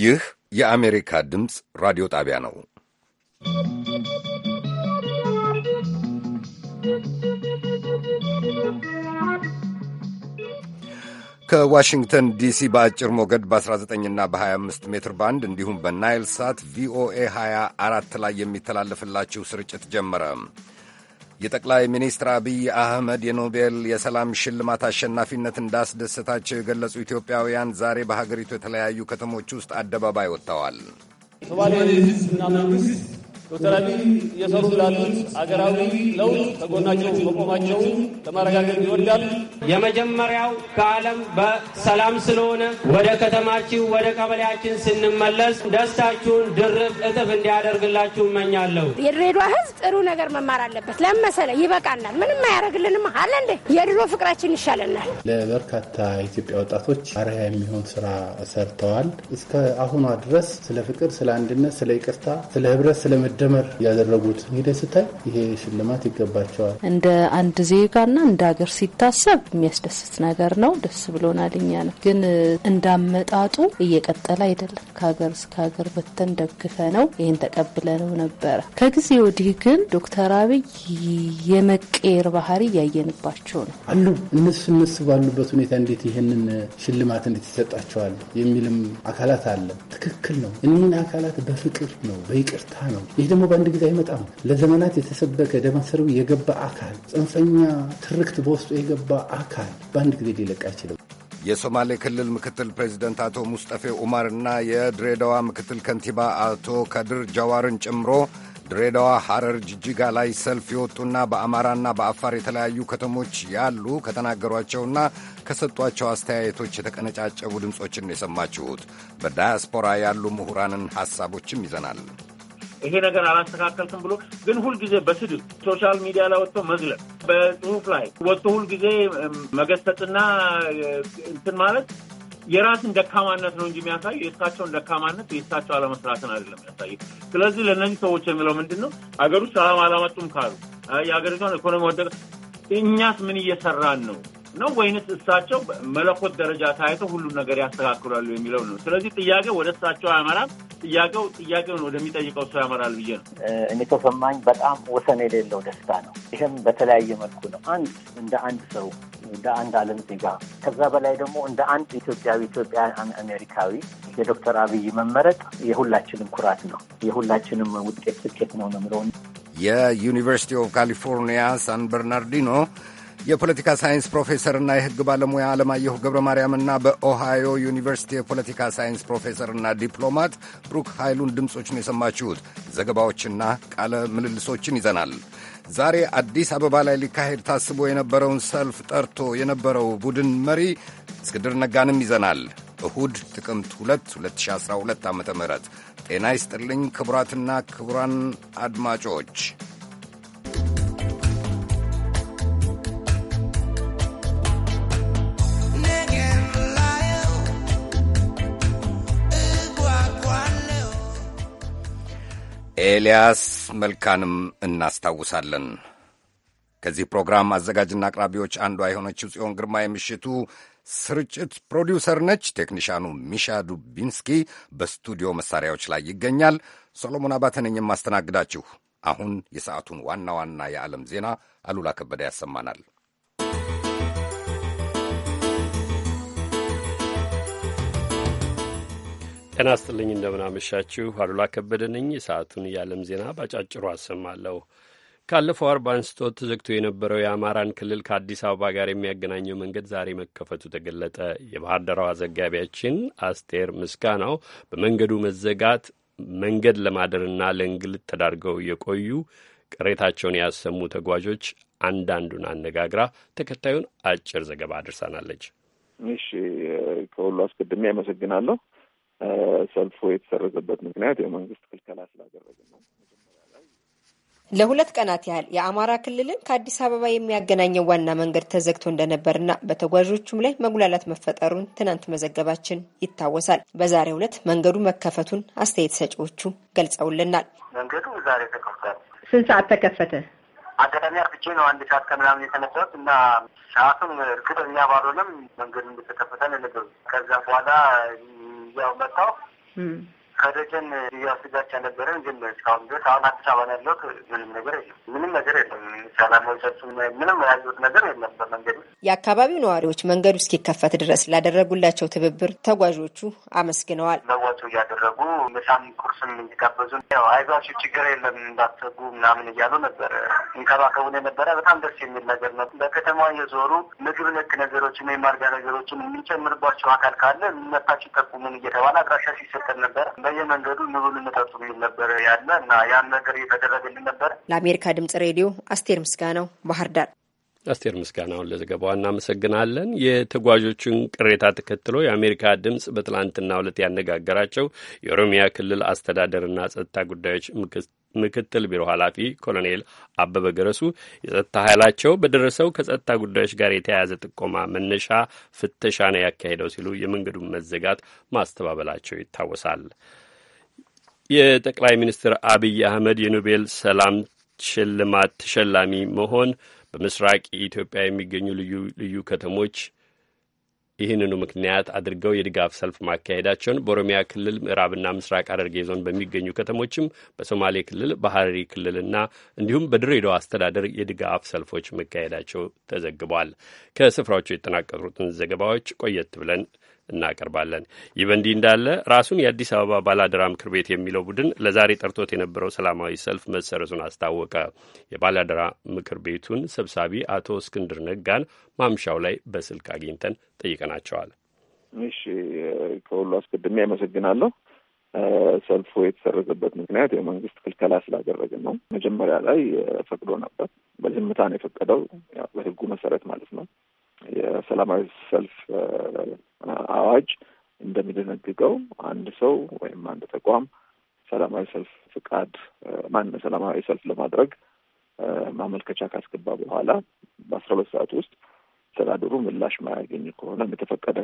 ይህ የአሜሪካ ድምፅ ራዲዮ ጣቢያ ነው። ከዋሽንግተን ዲሲ በአጭር ሞገድ በ19 እና በ25 ሜትር ባንድ እንዲሁም በናይል ሳት ቪኦኤ 24 ላይ የሚተላለፍላችሁ ስርጭት ጀመረ። የጠቅላይ ሚኒስትር አብይ አህመድ የኖቤል የሰላም ሽልማት አሸናፊነት እንዳስደሰታቸው የገለጹ ኢትዮጵያውያን ዛሬ በሀገሪቱ የተለያዩ ከተሞች ውስጥ አደባባይ ወጥተዋል። ዶክተር አብይ እየሰሩ ላሉት አገራዊ ለውጥ ከጎናቸው መቆማቸው ለማረጋገጥ ይወዳል። የመጀመሪያው ከዓለም በሰላም ስለሆነ ወደ ከተማችን ወደ ቀበሌያችን ስንመለስ ደስታችሁን ድርብ እጥፍ እንዲያደርግላችሁ እመኛለሁ። የድሬዷ ህዝብ ጥሩ ነገር መማር አለበት። ለመሰለ ይበቃናል፣ ምንም አያደርግልንም አለ እንዴ። የድሮ ፍቅራችን ይሻለናል። ለበርካታ ኢትዮጵያ ወጣቶች አርያ የሚሆን ስራ ሰርተዋል። እስከ አሁኗ ድረስ ስለ ፍቅር፣ ስለ አንድነት፣ ስለ ይቅርታ፣ ስለ ህብረት፣ ስለ መደመር ያደረጉት እንግዲህ ስታይ ይሄ ሽልማት ይገባቸዋል። እንደ አንድ ዜጋና እንደ ሀገር ሲታሰብ የሚያስደስት ነገር ነው። ደስ ብሎናል። እኛ ነው ግን እንዳመጣጡ እየቀጠለ አይደለም። ከሀገር እስከ ሀገር በተን ደግፈ ነው ይህን ተቀብለ ነው ነበረ። ከጊዜ ወዲህ ግን ዶክተር አብይ የመቀየር ባህሪ እያየንባቸው ነው አሉ። እነሱ እነሱ ባሉበት ሁኔታ እንዴት ይህንን ሽልማት እንዴት ይሰጣቸዋል የሚልም አካላት አለ። ትክክል ነው። እኒህን አካላት በፍቅር ነው፣ በይቅርታ ነው ይህ ደግሞ በአንድ ጊዜ አይመጣም። ለዘመናት የተሰበከ ደም የገባ አካል፣ ጽንፈኛ ትርክት በውስጡ የገባ አካል በአንድ ጊዜ ሊለቅ አይችልም። የሶማሌ ክልል ምክትል ፕሬዚደንት አቶ ሙስጠፌ ኡማር እና የድሬዳዋ ምክትል ከንቲባ አቶ ከድር ጃዋርን ጨምሮ ድሬዳዋ፣ ሐረር፣ ጅጅጋ ላይ ሰልፍ የወጡና በአማራና በአፋር የተለያዩ ከተሞች ያሉ ከተናገሯቸውና ከሰጧቸው አስተያየቶች የተቀነጫጨቡ ድምፆችን የሰማችሁት። በዳያስፖራ ያሉ ምሁራንን ሐሳቦችም ይዘናል። ይሄ ነገር አላስተካከልትም ብሎ ግን ሁልጊዜ በስድብ ሶሻል ሚዲያ ላይ ወጥቶ መዝለብ፣ በጽሁፍ ላይ ወጥቶ ሁልጊዜ መገሰጥና እንትን ማለት የራስን ደካማነት ነው እንጂ የሚያሳይ የእሳቸውን ደካማነት የእሳቸው አለመስራትን አይደለም ያሳየ። ስለዚህ ለእነዚህ ሰዎች የሚለው ምንድን ነው? አገር ሰላም አላመጡም ካሉ የሀገሪቷን ኢኮኖሚ ወደቀ፣ እኛስ ምን እየሰራን ነው? ነው ወይንስ እሳቸው መለኮት ደረጃ ታይተው ሁሉም ነገር ያስተካክሏሉ የሚለው ነው። ስለዚህ ጥያቄ ወደ እሳቸው አያመራም። ጥያቄው ጥያቄውን ወደሚጠይቀው ሰው ያመራል ብዬ ነው እኔ ተሰማኝ። በጣም ወሰን የሌለው ደስታ ነው። ይህም በተለያየ መልኩ ነው። አንድ እንደ አንድ ሰው እንደ አንድ ዓለም ዜጋ ከዛ በላይ ደግሞ እንደ አንድ ኢትዮጵያዊ ኢትዮጵያ አሜሪካዊ የዶክተር አብይ መመረጥ የሁላችንም ኩራት ነው። የሁላችንም ውጤት ስኬት ነው ነው የምለው የዩኒቨርሲቲ ኦፍ ካሊፎርኒያ ሳን በርናርዲኖ የፖለቲካ ሳይንስ ፕሮፌሰርና የሕግ ባለሙያ አለማየሁ ገብረ ማርያምና በኦሃዮ ዩኒቨርሲቲ የፖለቲካ ሳይንስ ፕሮፌሰርና ዲፕሎማት ብሩክ ኃይሉን ነው የሰማችሁት። ዘገባዎችና ቃለ ምልልሶችን ይዘናል። ዛሬ አዲስ አበባ ላይ ሊካሄድ ታስቦ የነበረውን ሰልፍ ጠርቶ የነበረው ቡድን መሪ እስክድር ነጋንም ይዘናል። እሁድ ጥቅምት 2 2012 ዓ ም ጤና ይስጥልኝ ክቡራትና ክቡራን አድማጮች ኤልያስ መልካንም እናስታውሳለን። ከዚህ ፕሮግራም አዘጋጅና አቅራቢዎች አንዷ የሆነችው ጽዮን ግርማ የምሽቱ ስርጭት ፕሮዲውሰር ነች። ቴክኒሻኑ ሚሻ ዱቢንስኪ በስቱዲዮ መሳሪያዎች ላይ ይገኛል። ሰሎሞን አባተነኝ ማስተናግዳችሁ። አሁን የሰዓቱን ዋና ዋና የዓለም ዜና አሉላ ከበደ ያሰማናል። ጤና ስጥልኝ፣ እንደምናመሻችሁ። አሉላ ከበደ ነኝ። የሰዓቱን የዓለም ዜና ባጫጭሩ አሰማለሁ። ካለፈው አርብ አንስቶ ተዘግቶ የነበረው የአማራን ክልል ከአዲስ አበባ ጋር የሚያገናኘው መንገድ ዛሬ መከፈቱ ተገለጠ። የባህር ዳሯ ዘጋቢያችን አስቴር ምስጋናው በመንገዱ መዘጋት መንገድ ለማደርና ለእንግልት ተዳርገው የቆዩ ቅሬታቸውን ያሰሙ ተጓዦች አንዳንዱን አነጋግራ ተከታዩን አጭር ዘገባ አድርሳናለች። እሺ፣ ከሁሉ አስቀድሜ አመሰግናለሁ። ሰልፉ የተሰረዘበት ምክንያት የመንግስት ክልከላ ስላደረገ ነው። ለሁለት ቀናት ያህል የአማራ ክልልን ከአዲስ አበባ የሚያገናኘው ዋና መንገድ ተዘግቶ እንደነበርና በተጓዦቹም ላይ መጉላላት መፈጠሩን ትናንት መዘገባችን ይታወሳል። በዛሬው ዕለት መንገዱ መከፈቱን አስተያየት ሰጪዎቹ ገልጸውልናል። መንገዱ ዛሬ ተከፍቷል። ስንት ሰዓት ተከፈተ? አጋጣሚ አርፍቼ ነው አንድ ሰዓት ከምናምን የተነሳሁት እና ሰዓቱን እርግጠኛ ባልሆነም መንገዱ እንደተከፈተ ነገሩ። ከዛ በኋላ well, that's all. Mm. ከደጀን እያስጋቻ ነበረን፣ ግን እስካሁን ድረስ አሁን አዲስ አበባ ያለው ምንም ነገር የለም። ምንም ነገር የለም። ሰላማዊሰቱ ምንም ያሉት ነገር የለም። በመንገዱ የአካባቢው ነዋሪዎች መንገዱ እስኪከፈት ድረስ ላደረጉላቸው ትብብር ተጓዦቹ አመስግነዋል። መዋጮ እያደረጉ ምሳም ቁርስም እንዲጋበዙ ያው አይዟችሁ ችግር የለም እንዳትሰጉ ምናምን እያሉ ነበረ እንከባከቡን የነበረ በጣም ደስ የሚል ነገር ነው። በከተማ የዞሩ ምግብ ነክ ነገሮችን ወይም አልጋ ነገሮችን የሚጨምርባቸው አካል ካለ መታችሁ ጠቁሙን እየተባለ አድራሻ ሲሰጠን ነበር። በየመንገዱ ንብሉ ንጠጡ የሚል ነበረ ያለ እና ያን ነገር እየተደረገልን ነበረ። ለአሜሪካ ድምጽ ሬዲዮ አስቴር ምስጋናው ባህር ዳር። አስቴር ምስጋናውን ለዘገባዋ እናመሰግናለን። የተጓዦቹን ቅሬታ ተከትሎ የአሜሪካ ድምፅ በትላንትና ዕለት ያነጋገራቸው የኦሮሚያ ክልል አስተዳደርና ጸጥታ ጉዳዮች ምክትል ቢሮ ኃላፊ ኮሎኔል አበበ ገረሱ የጸጥታ ኃይላቸው በደረሰው ከጸጥታ ጉዳዮች ጋር የተያያዘ ጥቆማ መነሻ ፍተሻ ነው ያካሄደው ሲሉ የመንገዱን መዘጋት ማስተባበላቸው ይታወሳል። የጠቅላይ ሚኒስትር አብይ አህመድ የኖቤል ሰላም ሽልማት ተሸላሚ መሆን በምስራቅ ኢትዮጵያ የሚገኙ ልዩ ልዩ ከተሞች ይህንኑ ምክንያት አድርገው የድጋፍ ሰልፍ ማካሄዳቸውን በኦሮሚያ ክልል ምዕራብና ምስራቅ ሐረርጌ ዞን በሚገኙ ከተሞችም በሶማሌ ክልል በሐረሪ ክልልና እንዲሁም በድሬዳዋ አስተዳደር የድጋፍ ሰልፎች መካሄዳቸው ተዘግቧል። ከስፍራዎቹ የተጠናቀሩትን ዘገባዎች ቆየት ብለን እናቀርባለን። ይህ በእንዲህ እንዳለ ራሱን የአዲስ አበባ ባላደራ ምክር ቤት የሚለው ቡድን ለዛሬ ጠርቶት የነበረው ሰላማዊ ሰልፍ መሰረዙን አስታወቀ። የባላደራ ምክር ቤቱን ሰብሳቢ አቶ እስክንድር ነጋን ማምሻው ላይ በስልክ አግኝተን ጠይቀናቸዋል። እሺ፣ ከሁሉ አስቀድሜ ያመሰግናለሁ። ሰልፉ የተሰረዘበት ምክንያት የመንግስት ክልከላ ስላደረግን ነው። መጀመሪያ ላይ ፈቅዶ ነበር፣ በዝምታ ነው የፈቀደው፣ በህጉ መሰረት ማለት ነው። የሰላማዊ ሰልፍ አዋጅ እንደሚደነግገው አንድ ሰው ወይም አንድ ተቋም ሰላማዊ ሰልፍ ፍቃድ ማን ሰላማዊ ሰልፍ ለማድረግ ማመልከቻ ካስገባ በኋላ በአስራ ሁለት ሰዓት ውስጥ አስተዳደሩ ምላሽ ማያገኝ ከሆነ እንደተፈቀደ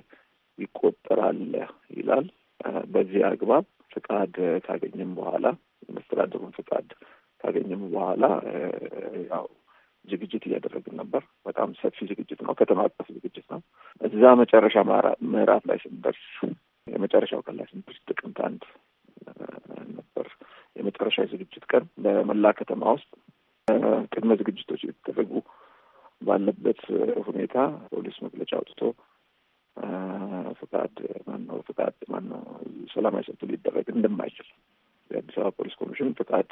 ይቆጠራል ይላል። በዚህ አግባብ ፍቃድ ካገኘም በኋላ መስተዳደሩን ፍቃድ ካገኘም በኋላ ያው ዝግጅት እያደረግን ነበር። በጣም ሰፊ ዝግጅት ነው፣ ከተማ አቀፍ ዝግጅት ነው። እዛ መጨረሻ ምዕራፍ ላይ ስንደርስ፣ የመጨረሻው ቀን ላይ ስንደርስ ጥቅምት አንድ ነበር የመጨረሻ ዝግጅት ቀን። በመላ ከተማ ውስጥ ቅድመ ዝግጅቶች የተደረጉ ባለበት ሁኔታ ፖሊስ መግለጫ አውጥቶ ፍቃድ ማነው ፍቃድ ማነው ሰላማዊ ሰልፍ ሊደረግ እንደማይችል የአዲስ አበባ ፖሊስ ኮሚሽን ፍቃድ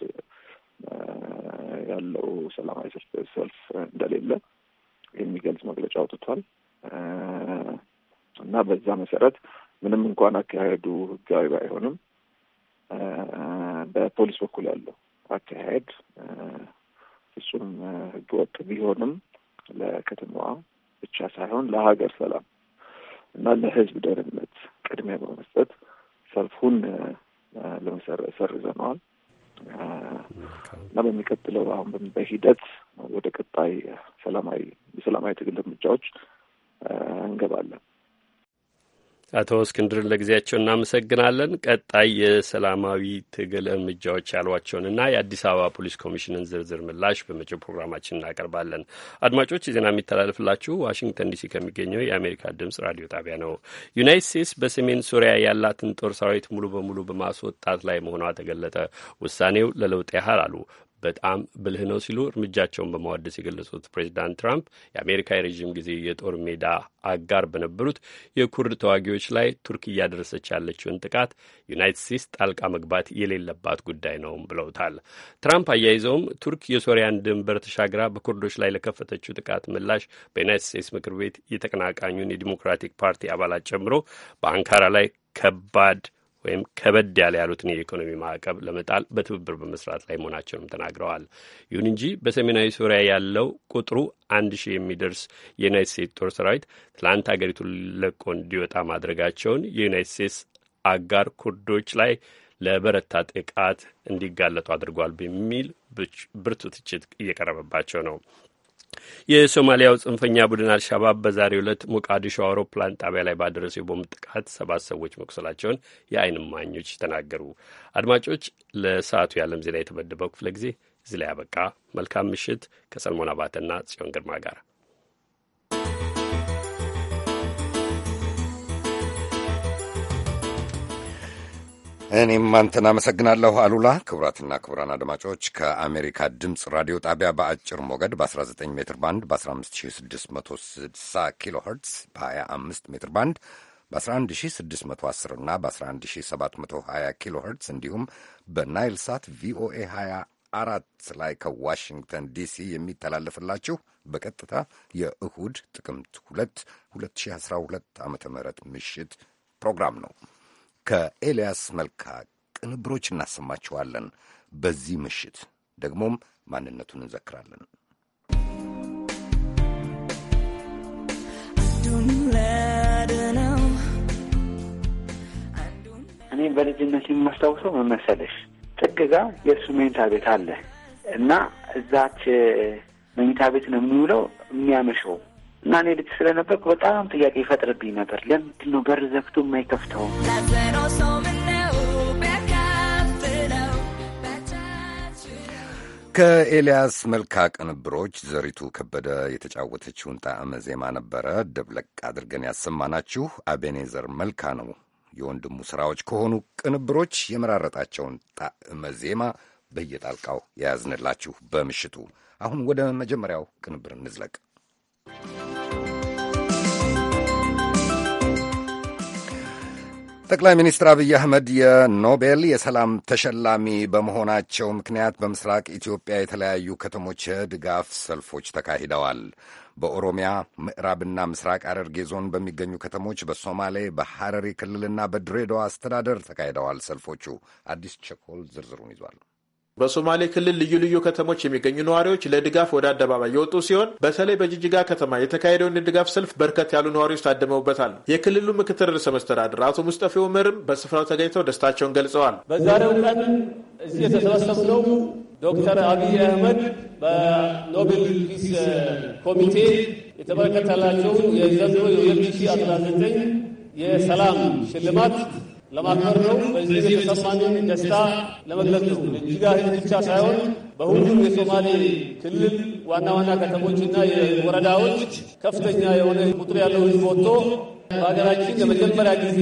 ያለው ሰላማዊ ሰልፍ እንደሌለ የሚገልጽ መግለጫ አውጥቷል እና በዛ መሰረት ምንም እንኳን አካሄዱ ህጋዊ ባይሆንም በፖሊስ በኩል ያለው አካሄድ ፍጹም ህገወጥ ቢሆንም ለከተማዋ ብቻ ሳይሆን ለሀገር ሰላም እና ለህዝብ ደህንነት ቅድሚያ በመስጠት ሰልፉን ለመሰረ ሰርዘነዋል። እና በሚቀጥለው አሁን በሂደት ወደ ቀጣይ ሰላማዊ የሰላማዊ ትግል እርምጃዎች እንገባለን። አቶ እስክንድርን ለጊዜያቸው እናመሰግናለን። ቀጣይ የሰላማዊ ትግል እርምጃዎች ያሏቸውንና የአዲስ አበባ ፖሊስ ኮሚሽንን ዝርዝር ምላሽ በመጪው ፕሮግራማችን እናቀርባለን። አድማጮች፣ ዜና የሚተላለፍላችሁ ዋሽንግተን ዲሲ ከሚገኘው የአሜሪካ ድምጽ ራዲዮ ጣቢያ ነው። ዩናይት ስቴትስ በሰሜን ሱሪያ ያላትን ጦር ሰራዊት ሙሉ በሙሉ በማስወጣት ላይ መሆኗ ተገለጠ። ውሳኔው ለለውጥ ያህል አሉ በጣም ብልህ ነው ሲሉ እርምጃቸውን በመዋደስ የገለጹት ፕሬዚዳንት ትራምፕ የአሜሪካ የረዥም ጊዜ የጦር ሜዳ አጋር በነበሩት የኩርድ ተዋጊዎች ላይ ቱርክ እያደረሰች ያለችውን ጥቃት ዩናይትድ ስቴትስ ጣልቃ መግባት የሌለባት ጉዳይ ነውም ብለውታል። ትራምፕ አያይዘውም ቱርክ የሶሪያን ድንበር ተሻግራ በኩርዶች ላይ ለከፈተችው ጥቃት ምላሽ በዩናይትድ ስቴትስ ምክር ቤት የተቀናቃኙን የዲሞክራቲክ ፓርቲ አባላት ጨምሮ በአንካራ ላይ ከባድ ወይም ከበድ ያለ ያሉትን የኢኮኖሚ ማዕቀብ ለመጣል በትብብር በመስራት ላይ መሆናቸውንም ተናግረዋል። ይሁን እንጂ በሰሜናዊ ሶሪያ ያለው ቁጥሩ አንድ ሺህ የሚደርስ የዩናይት ስቴትስ ጦር ሰራዊት ትላንት ሀገሪቱን ለቆ እንዲወጣ ማድረጋቸውን የዩናይት ስቴትስ አጋር ኩርዶች ላይ ለበረታ ጥቃት እንዲጋለጡ አድርጓል በሚል ብርቱ ትችት እየቀረበባቸው ነው። የሶማሊያው ጽንፈኛ ቡድን አልሻባብ በዛሬው ዕለት ሞቃዲሾ አውሮፕላን ጣቢያ ላይ ባደረሰው የቦምብ ጥቃት ሰባት ሰዎች መቁሰላቸውን የአይን ማኞች ተናገሩ። አድማጮች፣ ለሰዓቱ የዓለም ዜና የተመደበው ክፍለ ጊዜ እዚህ ላይ ያበቃ። መልካም ምሽት ከሰልሞን አባተና ጽዮን ግርማ ጋር እኔም አንተን አመሰግናለሁ አሉላ። ክቡራትና ክቡራን አድማጮች ከአሜሪካ ድምፅ ራዲዮ ጣቢያ በአጭር ሞገድ በ19 ሜትር ባንድ በ15660 ኪሎ ኸርትዝ በ25 ሜትር ባንድ በ11610 እና በ11720 ኪሎ ኸርትዝ እንዲሁም በናይል ሳት ቪኦኤ 24 ላይ ከዋሽንግተን ዲሲ የሚተላለፍላችሁ በቀጥታ የእሁድ ጥቅምት 2 2012 ዓ ም ምሽት ፕሮግራም ነው። ከኤልያስ መልካ ቅንብሮች እናሰማችኋለን። በዚህ ምሽት ደግሞም ማንነቱን እንዘክራለን። እኔ በልጅነት የማስታውሰው ምን መሰለሽ፣ ጋ የእሱ መኝታ ቤት አለ እና እዛች መኝታ ቤት ነው የሚውለው የሚያመሸው እና እኔ ልጅ ስለነበርኩ በጣም ጥያቄ ይፈጥርብኝ ነበር። ለምንድን ነው በር ዘግቶ የማይከፍተው? ከኤልያስ መልካ ቅንብሮች ዘሪቱ ከበደ የተጫወተችውን ጣዕመ ዜማ ነበረ ደብለቅ አድርገን ያሰማናችሁ። አቤኔዘር መልካ ነው የወንድሙ ስራዎች ከሆኑ ቅንብሮች የመራረጣቸውን ጣዕመ ዜማ በየጣልቃው የያዝንላችሁ በምሽቱ። አሁን ወደ መጀመሪያው ቅንብር እንዝለቅ። ጠቅላይ ሚኒስትር አብይ አህመድ የኖቤል የሰላም ተሸላሚ በመሆናቸው ምክንያት በምስራቅ ኢትዮጵያ የተለያዩ ከተሞች የድጋፍ ሰልፎች ተካሂደዋል። በኦሮሚያ ምዕራብና ምስራቅ ሐረርጌ ዞን በሚገኙ ከተሞች፣ በሶማሌ በሐረሪ ክልልና በድሬዳዋ አስተዳደር ተካሂደዋል ሰልፎቹ። አዲስ ቸኮል ዝርዝሩን ይዟል። በሶማሌ ክልል ልዩ ልዩ ከተሞች የሚገኙ ነዋሪዎች ለድጋፍ ወደ አደባባይ የወጡ ሲሆን በተለይ በጅጅጋ ከተማ የተካሄደውን የድጋፍ ሰልፍ በርከት ያሉ ነዋሪዎች ታድመውበታል። የክልሉ ምክትል ርዕሰ መስተዳድር አቶ ሙስጠፌ ኡመርም በስፍራው ተገኝተው ደስታቸውን ገልጸዋል። በዛሬው ቀን እዚህ የተሰበሰብነው ዶክተር አብይ አህመድ በኖቤል ፒስ ኮሚቴ የተበረከተላቸው የዘንድሮ የ2019 የሰላም ሽልማት ለማክበር ነው። በዚህ የተሰማንን ደስታ ለመግለጽ ነው። እጅጋ ህዝብ ብቻ ሳይሆን በሁሉም የሶማሌ ክልል ዋና ዋና ከተሞችና የወረዳዎች ከፍተኛ የሆነ ቁጥር ያለው ህዝብ ወጥቶ በሀገራችን ለመጀመሪያ ጊዜ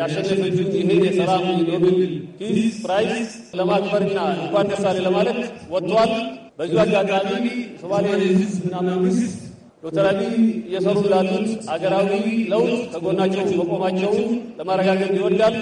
ያሸነፈችውን ይህን የሰላም የኖቤል ፒስ ፕራይዝ ለማክበርና እንኳን ደስ ለማለት ወጥቷል። በዚሁ አጋጣሚ ሶማሌ ህዝብና መንግስት ዶክተር አብይ እየሰሩ ላሉት አገራዊ ለውጥ ከጎናቸው መቆማቸውን ለማረጋገጥ ይወዳል።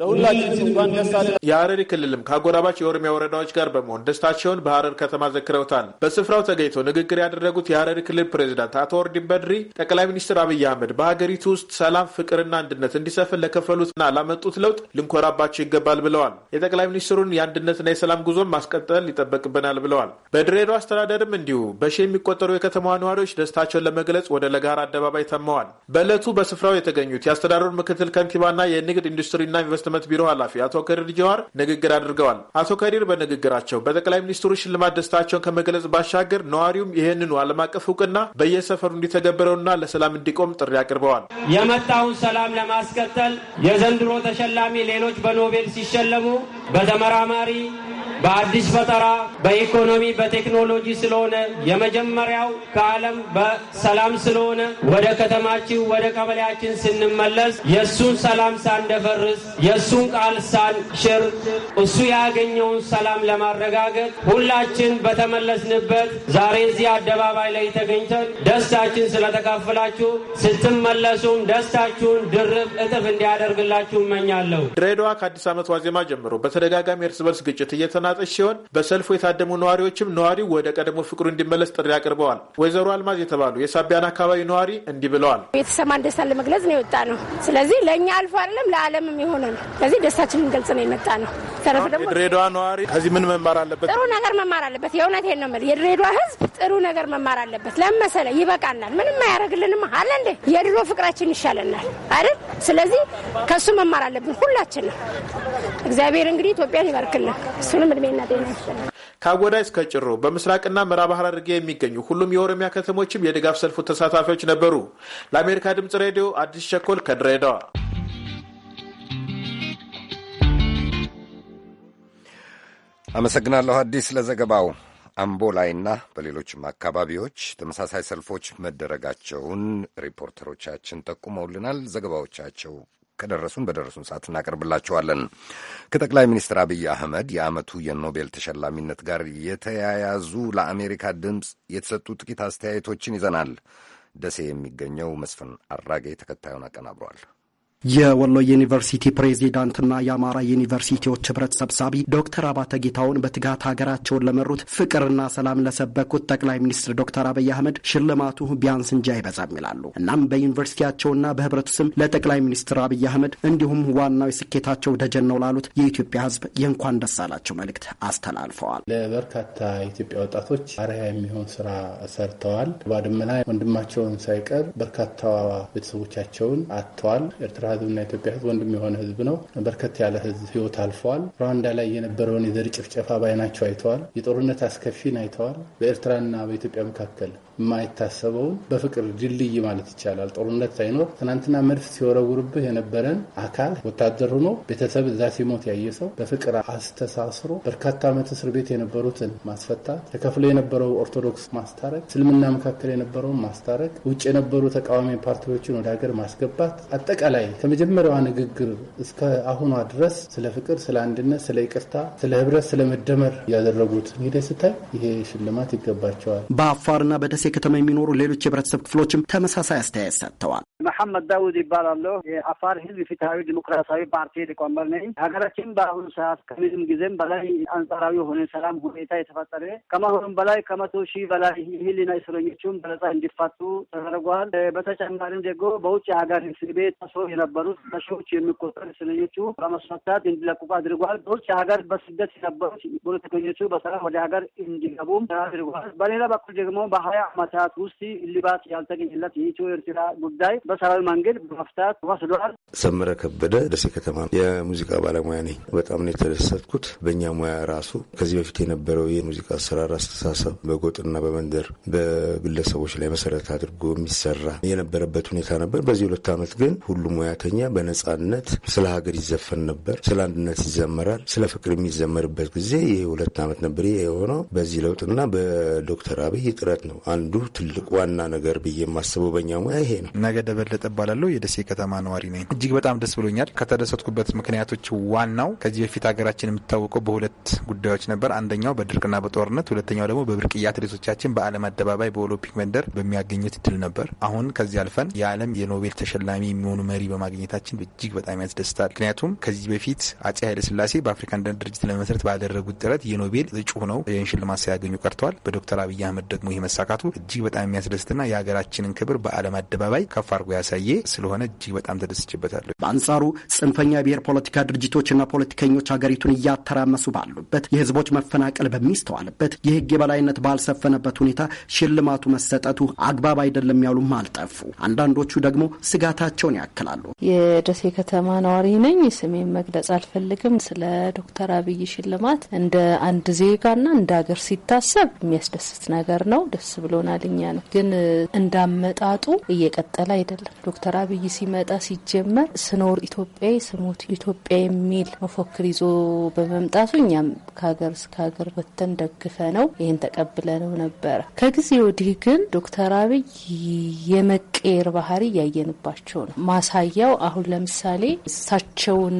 ለሁላችን ክልልም ከአጎራባች የኦሮሚያ ወረዳዎች ጋር በመሆን ደስታቸውን በሀረር ከተማ ዘክረውታል። በስፍራው ተገኝተው ንግግር ያደረጉት የሀረሪ ክልል ፕሬዚዳንት አቶ ወርዲን በድሪ ጠቅላይ ሚኒስትር አብይ አህመድ በሀገሪቱ ውስጥ ሰላም፣ ፍቅርና አንድነት እንዲሰፍን ለከፈሉትና ላመጡት ለውጥ ልንኮራባቸው ይገባል ብለዋል። የጠቅላይ ሚኒስትሩን የአንድነትና የሰላም ጉዞን ማስቀጠል ይጠበቅብናል ብለዋል። በድሬዳዋ አስተዳደርም እንዲሁ በሺ የሚቆጠሩ የከተማዋ ነዋሪዎች ደስታቸውን ለመግለጽ ወደ ለጋራ አደባባይ ተመዋል። በዕለቱ በስፍራው የተገኙት የአስተዳደሩ ምክትል ከንቲባና የንግድ ኢንዱስትሪና ኢንቨስት ኢንቨስትመንት ቢሮ ኃላፊ አቶ ከሪር ጀዋር ንግግር አድርገዋል። አቶ ከሪር በንግግራቸው በጠቅላይ ሚኒስትሩ ሽልማት ደስታቸውን ከመግለጽ ባሻገር ነዋሪውም ይህንኑ ዓለም አቀፍ እውቅና በየሰፈሩ እንዲተገበረውና ለሰላም እንዲቆም ጥሪ አቅርበዋል። የመጣውን ሰላም ለማስቀጠል የዘንድሮ ተሸላሚ ሌሎች በኖቤል ሲሸለሙ በተመራማሪ በአዲስ ፈጠራ፣ በኢኮኖሚ፣ በቴክኖሎጂ ስለሆነ የመጀመሪያው ከዓለም በሰላም ስለሆነ ወደ ከተማችን ወደ ቀበሌያችን ስንመለስ የእሱን ሰላም ሳንደፈርስ የእሱን ቃል ሳንሽር እሱ ያገኘውን ሰላም ለማረጋገጥ ሁላችን በተመለስንበት ዛሬ እዚህ አደባባይ ላይ ተገኝተን ደስታችን ስለተካፈላችሁ ስትመለሱም ደስታችሁን ድርብ እጥፍ እንዲያደርግላችሁ እመኛለሁ። ድሬዳዋ ከአዲስ ዓመት ዋዜማ ጀምሮ በተደጋጋሚ እርስ በርስ ግጭት እየተና የተሰናጸች ሲሆን በሰልፉ የታደሙ ነዋሪዎችም ነዋሪው ወደ ቀድሞ ፍቅሩ እንዲመለስ ጥሪ አቅርበዋል። ወይዘሮ አልማዝ የተባሉ የሳቢያን አካባቢ ነዋሪ እንዲህ ብለዋል። የተሰማን ደስታ ለመግለጽ ነው የወጣ ነው። ስለዚህ ለእኛ አልፎ አይደለም ለዓለምም የሆነ ነው። ስለዚህ ደስታችን ልንገልጽ ነው የመጣ ነው። ተረፍ ደግሞ የድሬዳዋ ነዋሪ ከዚህ ምን መማር አለበት? ጥሩ ነገር መማር አለበት። የእውነት ነው የምልህ የድሬዳዋ ህዝብ ጥሩ ነገር መማር አለበት። ለምን መሰለህ? ይበቃናል። ምንም አያደርግልንም አለ እንዴ የድሮ ፍቅራችን ይሻለናል አይደል? ስለዚህ ከእሱ መማር አለብን ነው። እግዚአብሔር እንግዲህ ኢትዮጵያን ይባርክልን። እሱንም እድሜና ጤና ይስጥልኝ። ከአጎዳ እስከ ጭሮ በምስራቅና ምዕራብ ሐረርጌ የሚገኙ ሁሉም የኦሮሚያ ከተሞችም የድጋፍ ሰልፉ ተሳታፊዎች ነበሩ። ለአሜሪካ ድምጽ ሬዲዮ አዲስ ሸኮል ከድሬዳዋ። አመሰግናለሁ አዲስ ለዘገባው። አምቦ ላይና በሌሎችም አካባቢዎች ተመሳሳይ ሰልፎች መደረጋቸውን ሪፖርተሮቻችን ጠቁመውልናል። ዘገባዎቻቸው ከደረሱን በደረሱን ሰዓት እናቀርብላቸዋለን። ከጠቅላይ ሚኒስትር አብይ አህመድ የዓመቱ የኖቤል ተሸላሚነት ጋር የተያያዙ ለአሜሪካ ድምፅ የተሰጡ ጥቂት አስተያየቶችን ይዘናል። ደሴ የሚገኘው መስፍን አራጌ ተከታዩን አቀናብሯል። የወሎ ዩኒቨርሲቲ ፕሬዚዳንትና የአማራ ዩኒቨርሲቲዎች ህብረት ሰብሳቢ ዶክተር አባተ ጌታውን በትጋት ሀገራቸውን ለመሩት ፍቅርና ሰላም ለሰበኩት ጠቅላይ ሚኒስትር ዶክተር አብይ አህመድ ሽልማቱ ቢያንስ እንጂ አይበዛም ይላሉ። እናም በዩኒቨርሲቲያቸውና በህብረቱ ስም ለጠቅላይ ሚኒስትር አብይ አህመድ እንዲሁም ዋናው የስኬታቸው ደጀን ነው ላሉት የኢትዮጵያ ህዝብ የእንኳን ደስ አላቸው መልእክት አስተላልፈዋል። ለበርካታ የኢትዮጵያ ወጣቶች አርያ የሚሆን ስራ ሰርተዋል። ባድመ ላይ ወንድማቸውን ሳይቀር በርካታ ቤተሰቦቻቸውን አጥተዋል። ኤርትራ የኤርትራ ህዝብና ኢትዮጵያ ህዝብ ወንድም የሆነ ህዝብ ነው። በርከት ያለ ህዝብ ህይወት አልፈዋል። ሩዋንዳ ላይ የነበረውን የዘር ጭፍጨፋ ባይናቸው አይተዋል። የጦርነት አስከፊን አይተዋል። በኤርትራና በኢትዮጵያ መካከል የማይታሰበው በፍቅር ድልድይ ማለት ይቻላል። ጦርነት ሳይኖር ትናንትና መድፍ ሲወረውርብህ የነበረን አካል ወታደር ሆኖ ቤተሰብ እዛ ሲሞት ያየ ሰው በፍቅር አስተሳስሮ በርካታ ዓመት እስር ቤት የነበሩትን ማስፈታት፣ ተከፍሎ የነበረው ኦርቶዶክስ ማስታረቅ፣ እስልምና መካከል የነበረውን ማስታረቅ፣ ውጭ የነበሩ ተቃዋሚ ፓርቲዎችን ወደ ሀገር ማስገባት፣ አጠቃላይ ከመጀመሪያዋ ንግግር እስከ አሁኗ ድረስ ስለ ፍቅር፣ ስለ አንድነት፣ ስለ ይቅርታ፣ ስለ ህብረት፣ ስለ መደመር ያደረጉት ሂደት ስታይ ይሄ ሽልማት ይገባቸዋል። በአፋርና በደሴ በደሴ ከተማ የሚኖሩ ሌሎች የህብረተሰብ ክፍሎችም ተመሳሳይ አስተያየት ሰጥተዋል። መሐመድ ዳውድ ይባላለሁ። የአፋር ህዝብ ፍትሐዊ ዲሞክራሲያዊ ፓርቲ ሊቀመንበር ነኝ። ሀገራችን በአሁኑ ሰዓት ከምንም ጊዜም በላይ አንጻራዊ የሆነ ሰላም ሁኔታ የተፈጠረ ከመሆኑም በላይ ከመቶ ሺህ በላይ የህሊና እስረኞችም በነጻ እንዲፋቱ ተደርጓል። በተጨማሪም ደግሞ በውጭ ሀገር እስር ቤት ታስሮ የነበሩት በሺዎች የሚቆጠሩ እስረኞቹ በመስፈታት እንዲለቁቁ አድርጓል። በውጭ ሀገር በስደት የነበሩት ፖለቲከኞቹ በሰላም ወደ ሀገር እንዲገቡም አድርጓል። በሌላ በኩል ደግሞ በሀያ ዓመታት ውስጥ እልባት ያልተገኘለት የኢትዮ ኤርትራ ጉዳይ በሰላማዊ መንገድ በመፍታት ወስዷል። ሰምረ ከበደ ደሴ ከተማ የሙዚቃ ባለሙያ ነኝ። በጣም ነው የተደሰትኩት። በእኛ ሙያ ራሱ ከዚህ በፊት የነበረው የሙዚቃ አሰራር አስተሳሰብ በጎጥና በመንደር በግለሰቦች ላይ መሰረት አድርጎ የሚሰራ የነበረበት ሁኔታ ነበር። በዚህ ሁለት ዓመት ግን ሁሉም ሙያተኛ በነጻነት ስለ ሀገር ይዘፈን ነበር፣ ስለ አንድነት ይዘመራል፣ ስለ ፍቅር የሚዘመርበት ጊዜ ይህ ሁለት ዓመት ነበር። የሆነው በዚህ ለውጥና በዶክተር አብይ ጥረት ነው። አንድ አንዱ ትልቅ ዋና ነገር ብዬ የማስበው በኛ ሙያ ይሄ ነው። ነገ ደበለጠ እባላለሁ። የደሴ ከተማ ነዋሪ ነኝ። እጅግ በጣም ደስ ብሎኛል። ከተደሰትኩበት ምክንያቶች ዋናው ከዚህ በፊት ሀገራችን የምታወቀው በሁለት ጉዳዮች ነበር። አንደኛው በድርቅና በጦርነት፣ ሁለተኛው ደግሞ በብርቅዬ አትሌቶቻችን በዓለም አደባባይ በኦሎምፒክ መንደር በሚያገኙት ድል ነበር። አሁን ከዚህ አልፈን የዓለም የኖቤል ተሸላሚ የሚሆኑ መሪ በማግኘታችን እጅግ በጣም ያስደስታል። ምክንያቱም ከዚህ በፊት አጼ ኃይለስላሴ በአፍሪካ አንድነት ድርጅት ለመመስረት ባደረጉት ጥረት የኖቤል እጩ ሆነው ይህን ሽልማት ሳያገኙ ቀርተዋል። በዶክተር አብይ አህመድ ደግሞ ይህ መሳካቱ እጅግ በጣም የሚያስደስትና የሀገራችንን ክብር በዓለም አደባባይ ከፍ አድርጎ ያሳየ ስለሆነ እጅግ በጣም ተደስችበታለሁ። በአንጻሩ ጽንፈኛ የብሔር ፖለቲካ ድርጅቶችና ፖለቲከኞች ሀገሪቱን እያተራመሱ ባሉበት፣ የህዝቦች መፈናቀል በሚስተዋልበት፣ የህግ የበላይነት ባልሰፈነበት ሁኔታ ሽልማቱ መሰጠቱ አግባብ አይደለም ያሉም አልጠፉ። አንዳንዶቹ ደግሞ ስጋታቸውን ያክላሉ። የደሴ ከተማ ነዋሪ ነኝ። ስሜን መግለጽ አልፈልግም። ስለ ዶክተር አብይ ሽልማት እንደ አንድ ዜጋና እንደ ሀገር ሲታሰብ የሚያስደስት ነገር ነው። ደስ ብሎ ብሎናል። እኛ ነው ግን እንዳመጣጡ እየቀጠለ አይደለም። ዶክተር አብይ ሲመጣ ሲጀመር ስኖር ኢትዮጵያ ስሞት ኢትዮጵያ የሚል መፎክር ይዞ በመምጣቱ እኛም ከሀገር እስከ ሀገር በተን ደግፈ ነው ይህን ተቀብለ ነው ነበረ። ከጊዜ ወዲህ ግን ዶክተር አብይ የመቀየር ባህሪ እያየንባቸው ነው። ማሳያው አሁን ለምሳሌ እሳቸውን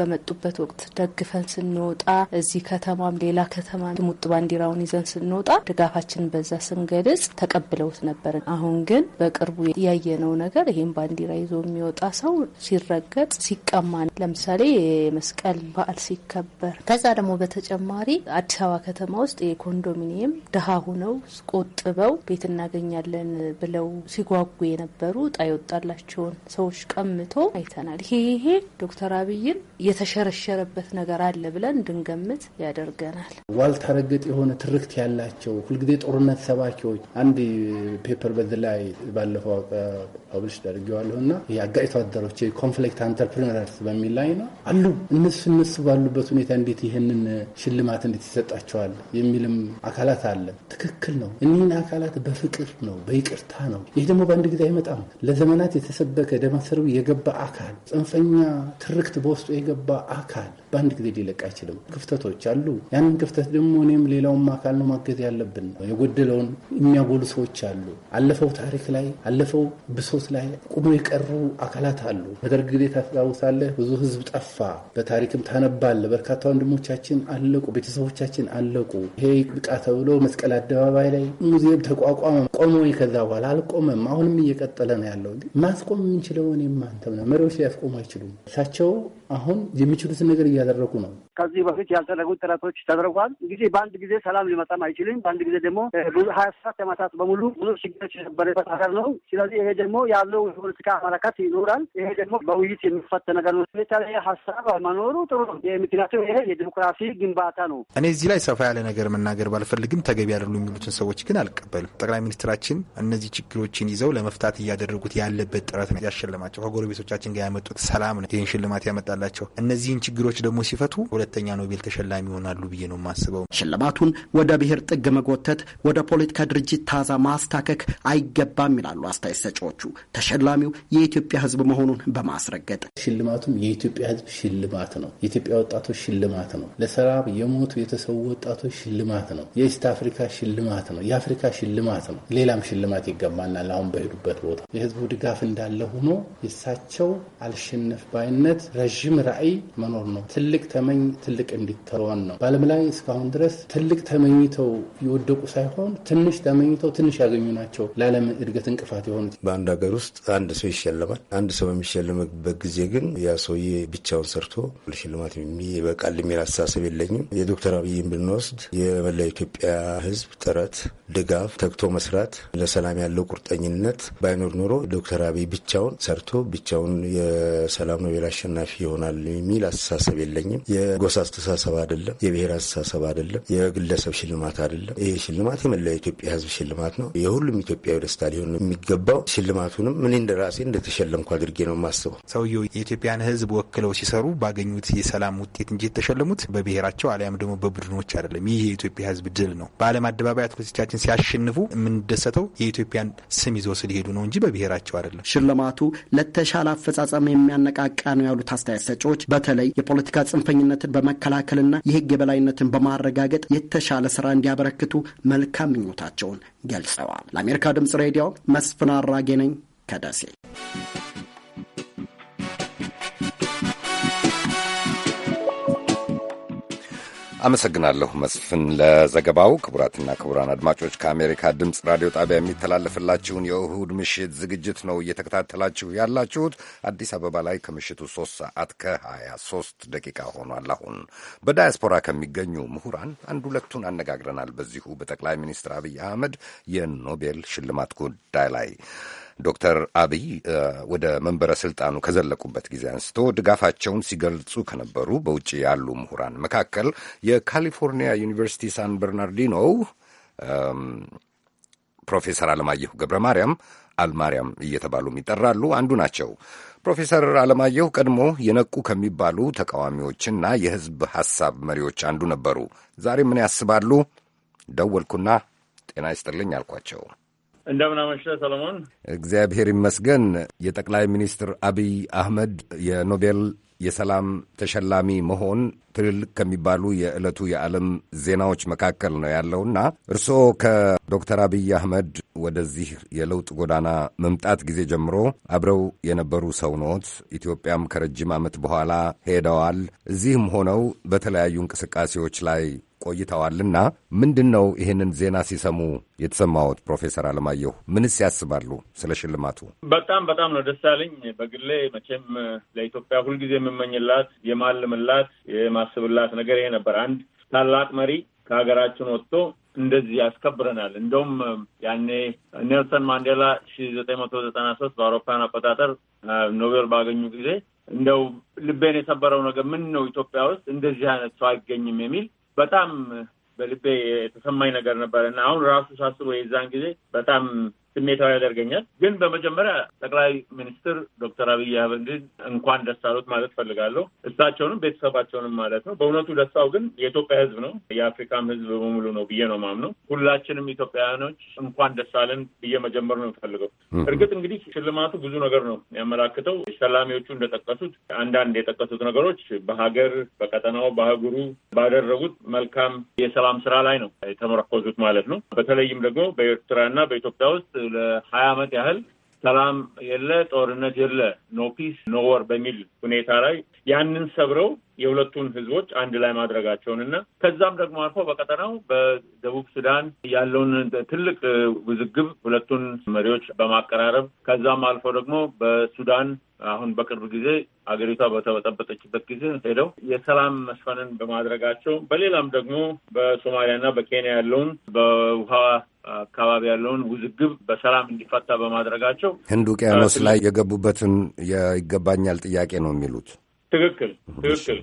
በመጡበት ወቅት ደግፈን ስንወጣ እዚህ ከተማም ሌላ ከተማ ሙጥ ባንዲራውን ይዘን ስንወጣ ድጋፋችንን በዛ ስንገድ በግልጽ ተቀብለውት ነበር። አሁን ግን በቅርቡ ያየነው ነገር ይህም ባንዲራ ይዞ የሚወጣ ሰው ሲረገጥ፣ ሲቀማ ለምሳሌ የመስቀል በዓል ሲከበር ከዛ ደግሞ በተጨማሪ አዲስ አበባ ከተማ ውስጥ የኮንዶሚኒየም ድሃ ሁነው ቆጥበው ቤት እናገኛለን ብለው ሲጓጉ የነበሩ እጣ የወጣላቸውን ሰዎች ቀምቶ አይተናል። ይሄ ይሄ ዶክተር አብይን የተሸረሸረበት ነገር አለ ብለን እንድንገምት ያደርገናል። ዋልታ ረገጥ የሆነ ትርክት ያላቸው ሁልጊዜ ጦርነት ሰባኪዎች አንድ ፔፐር በዚህ ላይ ባለፈው ፐብሊሽ አድርጌዋለሁ እና የአጋጭ አደሮች ኮንፍሊክት አንተርፕርነርስ በሚል ላይ ነው አሉ እነሱ እነሱ ባሉበት ሁኔታ እንዴት ይህንን ሽልማት እንዴት ይሰጣቸዋል የሚልም አካላት አለ። ትክክል ነው። እኒህን አካላት በፍቅር ነው፣ በይቅርታ ነው። ይህ ደግሞ በአንድ ጊዜ አይመጣም። ለዘመናት የተሰበከ ደማሰሩ የገባ አካል ጽንፈኛ ትርክት በውስጡ የገባ አካል በአንድ ጊዜ ሊለቅ አይችልም። ክፍተቶች አሉ። ያንን ክፍተት ደግሞ እኔም ሌላውም አካል ነው ማገዝ ያለብን። የጎደለውን የሚያጎሉ ሰዎች አሉ። አለፈው ታሪክ ላይ አለፈው ብሶት ላይ ቁሞ የቀሩ አካላት አሉ። በደርግ ጊዜ ታስታውሳለህ፣ ብዙ ህዝብ ጠፋ። በታሪክም ታነባለህ። በርካታ ወንድሞቻችን አለቁ፣ ቤተሰቦቻችን አለቁ። ይሄ ብቃ ተብሎ መስቀል አደባባይ ላይ ሙዚየም ተቋቋመ፣ ቆመ። ከዛ በኋላ አልቆመም። አሁንም እየቀጠለ ነው ያለው። ማስቆም የምንችለውን የማንተም ነው። መሪዎች ሊያስቆሙ አይችሉም። እሳቸው አሁን የሚችሉትን ነገር እያደረጉ ነው። ከዚህ በፊት ያልተደረጉ ጥረቶች ተደርጓል። እንግዲህ በአንድ ጊዜ ሰላም ሊመጣም አይችልም። በአንድ ጊዜ ደግሞ ሀያ ሰባት ዓመታት በሙሉ ብዙ ችግሮች የነበረበት ሀገር ነው። ስለዚህ ይሄ ደግሞ ያለው የፖለቲካ አመለካከት ይኖራል። ይሄ ደግሞ በውይይት የሚፈት ነገር ነው። የተለያየ ሀሳብ መኖሩ ጥሩ ነው። ምክንያቱም ይሄ የዲሞክራሲ ግንባታ ነው። እኔ እዚህ ላይ ሰፋ ያለ ነገር መናገር ባልፈልግም ተገቢ አይደሉ የሚሉትን ሰዎች ግን አልቀበልም። ጠቅላይ ሚኒስትራችን እነዚህ ችግሮችን ይዘው ለመፍታት እያደረጉት ያለበት ጥረት ያሸለማቸው ከጎረቤቶቻችን ጋር ያመጡት ሰላም ነው። ይህን ሽልማት ያመጣል አላቸው። እነዚህን ችግሮች ደግሞ ሲፈቱ ሁለተኛ ኖቤል ተሸላሚ ይሆናሉ ብዬ ነው የማስበው። ሽልማቱን ወደ ብሔር ጥግ መጎተት፣ ወደ ፖለቲካ ድርጅት ታዛ ማስታከክ አይገባም ይላሉ አስተያየት ሰጪዎቹ። ተሸላሚው የኢትዮጵያ ሕዝብ መሆኑን በማስረገጥ ሽልማቱም የኢትዮጵያ ሕዝብ ሽልማት ነው። የኢትዮጵያ ወጣቶች ሽልማት ነው። ለሰራብ የሞቱ የተሰዉ ወጣቶች ሽልማት ነው። የኢስት አፍሪካ ሽልማት ነው። የአፍሪካ ሽልማት ነው። ሌላም ሽልማት ይገባናል። አሁን በሄዱበት ቦታ የህዝቡ ድጋፍ እንዳለ ሆኖ የሳቸው አልሸነፍ ባይነት ረዥም ራዕይ መኖር ነው። ትልቅ ተመኝ ትልቅ እንዲተዋን ነው። በዓለም ላይ እስካሁን ድረስ ትልቅ ተመኝተው የወደቁ ሳይሆን ትንሽ ተመኝተው ትንሽ ያገኙ ናቸው ለዓለም እድገት እንቅፋት የሆኑት። በአንድ ሀገር ውስጥ አንድ ሰው ይሸለማል። አንድ ሰው በሚሸለምበት ጊዜ ግን ያ ሰውዬ ብቻውን ሰርቶ ሽልማት የሚበቃል የሚል አስተሳሰብ የለኝም። የዶክተር አብይን ብንወስድ የመላ ኢትዮጵያ ህዝብ ጥረት፣ ድጋፍ፣ ተግቶ መስራት፣ ለሰላም ያለው ቁርጠኝነት ባይኖር ኖሮ ዶክተር አብይ ብቻውን ሰርቶ ብቻውን የሰላም ኖቤል አሸናፊ ይሆናል የሚል አስተሳሰብ የለኝም። የጎሳ አስተሳሰብ አይደለም። የብሔር አስተሳሰብ አይደለም። የግለሰብ ሽልማት አይደለም። ይህ ሽልማት የመላው የኢትዮጵያ ሕዝብ ሽልማት ነው። የሁሉም ኢትዮጵያዊ ደስታ ሊሆን የሚገባው ሽልማቱንም እኔ እንደ ራሴ እንደተሸለምኩ አድርጌ ነው የማስበው። ሰውየው የኢትዮጵያን ሕዝብ ወክለው ሲሰሩ ባገኙት የሰላም ውጤት እንጂ የተሸለሙት በብሔራቸው አሊያም ደግሞ በቡድኖች አይደለም። ይህ የኢትዮጵያ ሕዝብ ድል ነው። በዓለም አደባባይ አትሌቶቻችን ሲያሸንፉ የምንደሰተው የኢትዮጵያን ስም ይዘው ስለሄዱ ነው እንጂ በብሔራቸው አይደለም። ሽልማቱ ለተሻለ አፈጻጸም የሚያነቃቃ ነው ያሉት አስተያየት ሰጪዎች በተለይ የፖለቲካ ጽንፈኝነትን በመከላከልና የህግ የበላይነትን በማረጋገጥ የተሻለ ስራ እንዲያበረክቱ መልካም ምኞታቸውን ገልጸዋል። ለአሜሪካ ድምጽ ሬዲዮ መስፍን አራጌ ነኝ ከደሴ አመሰግናለሁ መስፍን ለዘገባው። ክቡራትና ክቡራን አድማጮች ከአሜሪካ ድምፅ ራዲዮ ጣቢያ የሚተላለፍላችሁን የእሁድ ምሽት ዝግጅት ነው እየተከታተላችሁ ያላችሁት። አዲስ አበባ ላይ ከምሽቱ 3 ሰዓት ከ23 ደቂቃ ሆኗል። አሁን በዳያስፖራ ከሚገኙ ምሁራን አንድ ሁለቱን አነጋግረናል። በዚሁ በጠቅላይ ሚኒስትር አብይ አህመድ የኖቤል ሽልማት ጉዳይ ላይ ዶክተር አብይ ወደ መንበረ ስልጣኑ ከዘለቁበት ጊዜ አንስቶ ድጋፋቸውን ሲገልጹ ከነበሩ በውጭ ያሉ ምሁራን መካከል የካሊፎርኒያ ዩኒቨርሲቲ ሳን በርናርዲኖ ፕሮፌሰር አለማየሁ ገብረ ማርያም አልማርያም እየተባሉም ይጠራሉ አንዱ ናቸው። ፕሮፌሰር አለማየሁ ቀድሞ የነቁ ከሚባሉ ተቃዋሚዎችና የህዝብ ሐሳብ መሪዎች አንዱ ነበሩ። ዛሬ ምን ያስባሉ? ደወልኩና ጤና ይስጥልኝ አልኳቸው። እንደምናመሸ ሰለሞን። እግዚአብሔር ይመስገን። የጠቅላይ ሚኒስትር አብይ አህመድ የኖቤል የሰላም ተሸላሚ መሆን ትልልቅ ከሚባሉ የዕለቱ የዓለም ዜናዎች መካከል ነው ያለውና እርስዎ ከዶክተር አብይ አህመድ ወደዚህ የለውጥ ጎዳና መምጣት ጊዜ ጀምሮ አብረው የነበሩ ሰው ኖት። ኢትዮጵያም ከረጅም ዓመት በኋላ ሄደዋል። እዚህም ሆነው በተለያዩ እንቅስቃሴዎች ላይ ቆይተዋልና ምንድን ነው ይህንን ዜና ሲሰሙ የተሰማዎት? ፕሮፌሰር አለማየሁ ምንስ ያስባሉ ስለ ሽልማቱ? በጣም በጣም ነው ደስ ያለኝ። በግሌ መቼም ለኢትዮጵያ ሁልጊዜ የምመኝላት የማልምላት፣ የማ የማስብላት ነገር ይሄ ነበር። አንድ ታላቅ መሪ ከሀገራችን ወጥቶ እንደዚህ ያስከብረናል። እንደውም ያኔ ኔልሰን ማንዴላ ሺ ዘጠኝ መቶ ዘጠና ሶስት በአውሮፓን አቆጣጠር ኖቤል ባገኙ ጊዜ እንደው ልቤን የሰበረው ነገር ምን ነው ኢትዮጵያ ውስጥ እንደዚህ አይነት ሰው አይገኝም የሚል በጣም በልቤ የተሰማኝ ነገር ነበር እና አሁን ራሱ ሳስበው የዛን ጊዜ በጣም ስሜታዊ ያደርገኛል። ግን በመጀመሪያ ጠቅላይ ሚኒስትር ዶክተር አብይ አህመድን እንኳን ደስ አሉት ማለት ፈልጋለሁ። እሳቸውንም ቤተሰባቸውንም ማለት ነው። በእውነቱ ደስታው ግን የኢትዮጵያ ሕዝብ ነው የአፍሪካም ሕዝብ በሙሉ ነው ብዬ ነው ማምነው። ሁላችንም ኢትዮጵያውያኖች እንኳን ደስ አለን ብዬ መጀመር ነው የምፈልገው። እርግጥ እንግዲህ ሽልማቱ ብዙ ነገር ነው የሚያመላክተው። ሰላሚዎቹ እንደጠቀሱት አንዳንድ የጠቀሱት ነገሮች በሀገር በቀጠናው በአህጉሩ ባደረጉት መልካም የሰላም ስራ ላይ ነው የተመረኮዙት ማለት ነው። በተለይም ደግሞ በኤርትራና በኢትዮጵያ ውስጥ ለሀያ አመት ያህል ሰላም የለ፣ ጦርነት የለ፣ ኖፒስ ኖወር በሚል ሁኔታ ላይ ያንን ሰብረው የሁለቱን ህዝቦች አንድ ላይ ማድረጋቸውን እና ከዛም ደግሞ አልፎ በቀጠናው በደቡብ ሱዳን ያለውን ትልቅ ውዝግብ ሁለቱን መሪዎች በማቀራረብ ከዛም አልፎ ደግሞ በሱዳን አሁን በቅርብ ጊዜ አገሪቷ በተበጠበጠችበት ጊዜ ሄደው የሰላም መስፈንን በማድረጋቸው በሌላም ደግሞ በሶማሊያና በኬንያ ያለውን በውሃ አካባቢ ያለውን ውዝግብ በሰላም እንዲፈታ በማድረጋቸው ህንድ ውቅያኖስ ላይ የገቡበትን ይገባኛል ጥያቄ ነው የሚሉት። ትክክል ትክክል።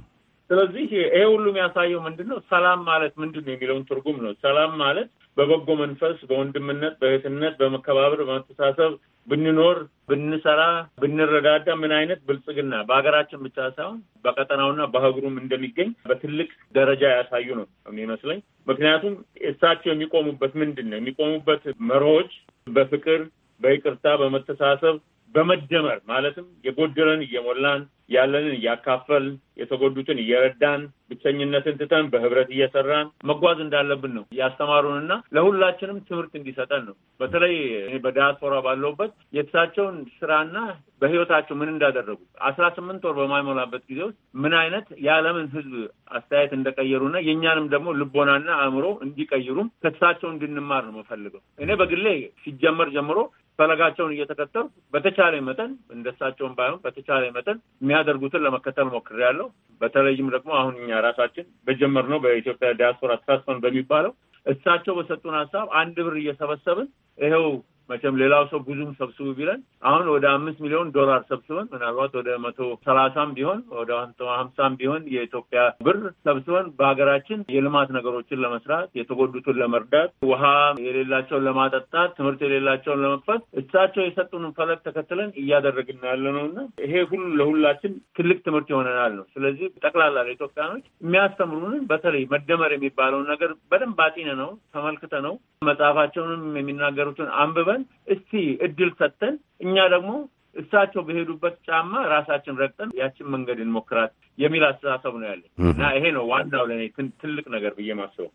ስለዚህ ይሄ ሁሉ የሚያሳየው ምንድን ነው ሰላም ማለት ምንድን ነው የሚለውን ትርጉም ነው። ሰላም ማለት በበጎ መንፈስ በወንድምነት፣ በእህትነት፣ በመከባበር፣ በመተሳሰብ ብንኖር ብንሰራ፣ ብንረዳዳ ምን አይነት ብልጽግና በሀገራችን ብቻ ሳይሆን በቀጠናውና በአህጉሩም እንደሚገኝ በትልቅ ደረጃ ያሳዩ ነው የሚመስለኝ። ምክንያቱም እሳቸው የሚቆሙበት ምንድን ነው? የሚቆሙበት መርሆች በፍቅር፣ በይቅርታ፣ በመተሳሰብ፣ በመደመር ማለትም የጎደለን እየሞላን ያለንን እያካፈል የተጎዱትን እየረዳን ብቸኝነትን ትተን በህብረት እየሰራን መጓዝ እንዳለብን ነው ያስተማሩንና ለሁላችንም ትምህርት እንዲሰጠን ነው። በተለይ በዲያስፖራ ባለሁበት የእሳቸውን ስራና በህይወታቸው ምን እንዳደረጉ አስራ ስምንት ወር በማይሞላበት ጊዜ ውስጥ ምን አይነት የዓለምን ህዝብ አስተያየት እንደቀየሩና የእኛንም ደግሞ ልቦናና አእምሮ እንዲቀይሩም ከእሳቸው እንድንማር ነው የምፈልገው። እኔ በግሌ ሲጀመር ጀምሮ ፈለጋቸውን እየተከተሉ በተቻለ መጠን እንደሳቸውን ባይሆን በተቻለ መጠን የሚያደርጉትን ለመከተል ሞክሬያለሁ። በተለይም ደግሞ አሁን እኛ ራሳችን በጀመርነው በኢትዮጵያ ዲያስፖራ ትራንስፈር በሚባለው እሳቸው በሰጡን ሀሳብ አንድ ብር እየሰበሰብን ይኸው መቼም ሌላው ሰው ብዙም ሰብስቡ ቢለን አሁን ወደ አምስት ሚሊዮን ዶላር ሰብስበን ምናልባት ወደ መቶ ሰላሳም ቢሆን ወደ ሀምሳም ቢሆን የኢትዮጵያ ብር ሰብስበን በሀገራችን የልማት ነገሮችን ለመስራት የተጎዱትን ለመርዳት፣ ውሃ የሌላቸውን ለማጠጣት፣ ትምህርት የሌላቸውን ለመክፈት እሳቸው የሰጡንን ፈለግ ተከትለን እያደረግን ያለ ነው እና ይሄ ሁሉ ለሁላችን ትልቅ ትምህርት ይሆነናል ነው። ስለዚህ ጠቅላላ ለኢትዮጵያኖች የሚያስተምሩንን በተለይ መደመር የሚባለውን ነገር በደንብ አጢነ ነው ተመልክተ ነው መጽሐፋቸውንም የሚናገሩትን አንብበን አስበን እስቲ እድል ሰጥተን እኛ ደግሞ እሳቸው በሄዱበት ጫማ ራሳችን ረግጠን ያችን መንገድ እንሞክራት የሚል አስተሳሰብ ነው ያለን እና ይሄ ነው ዋናው ለእኔ ትልቅ ነገር ብዬ ማስበው።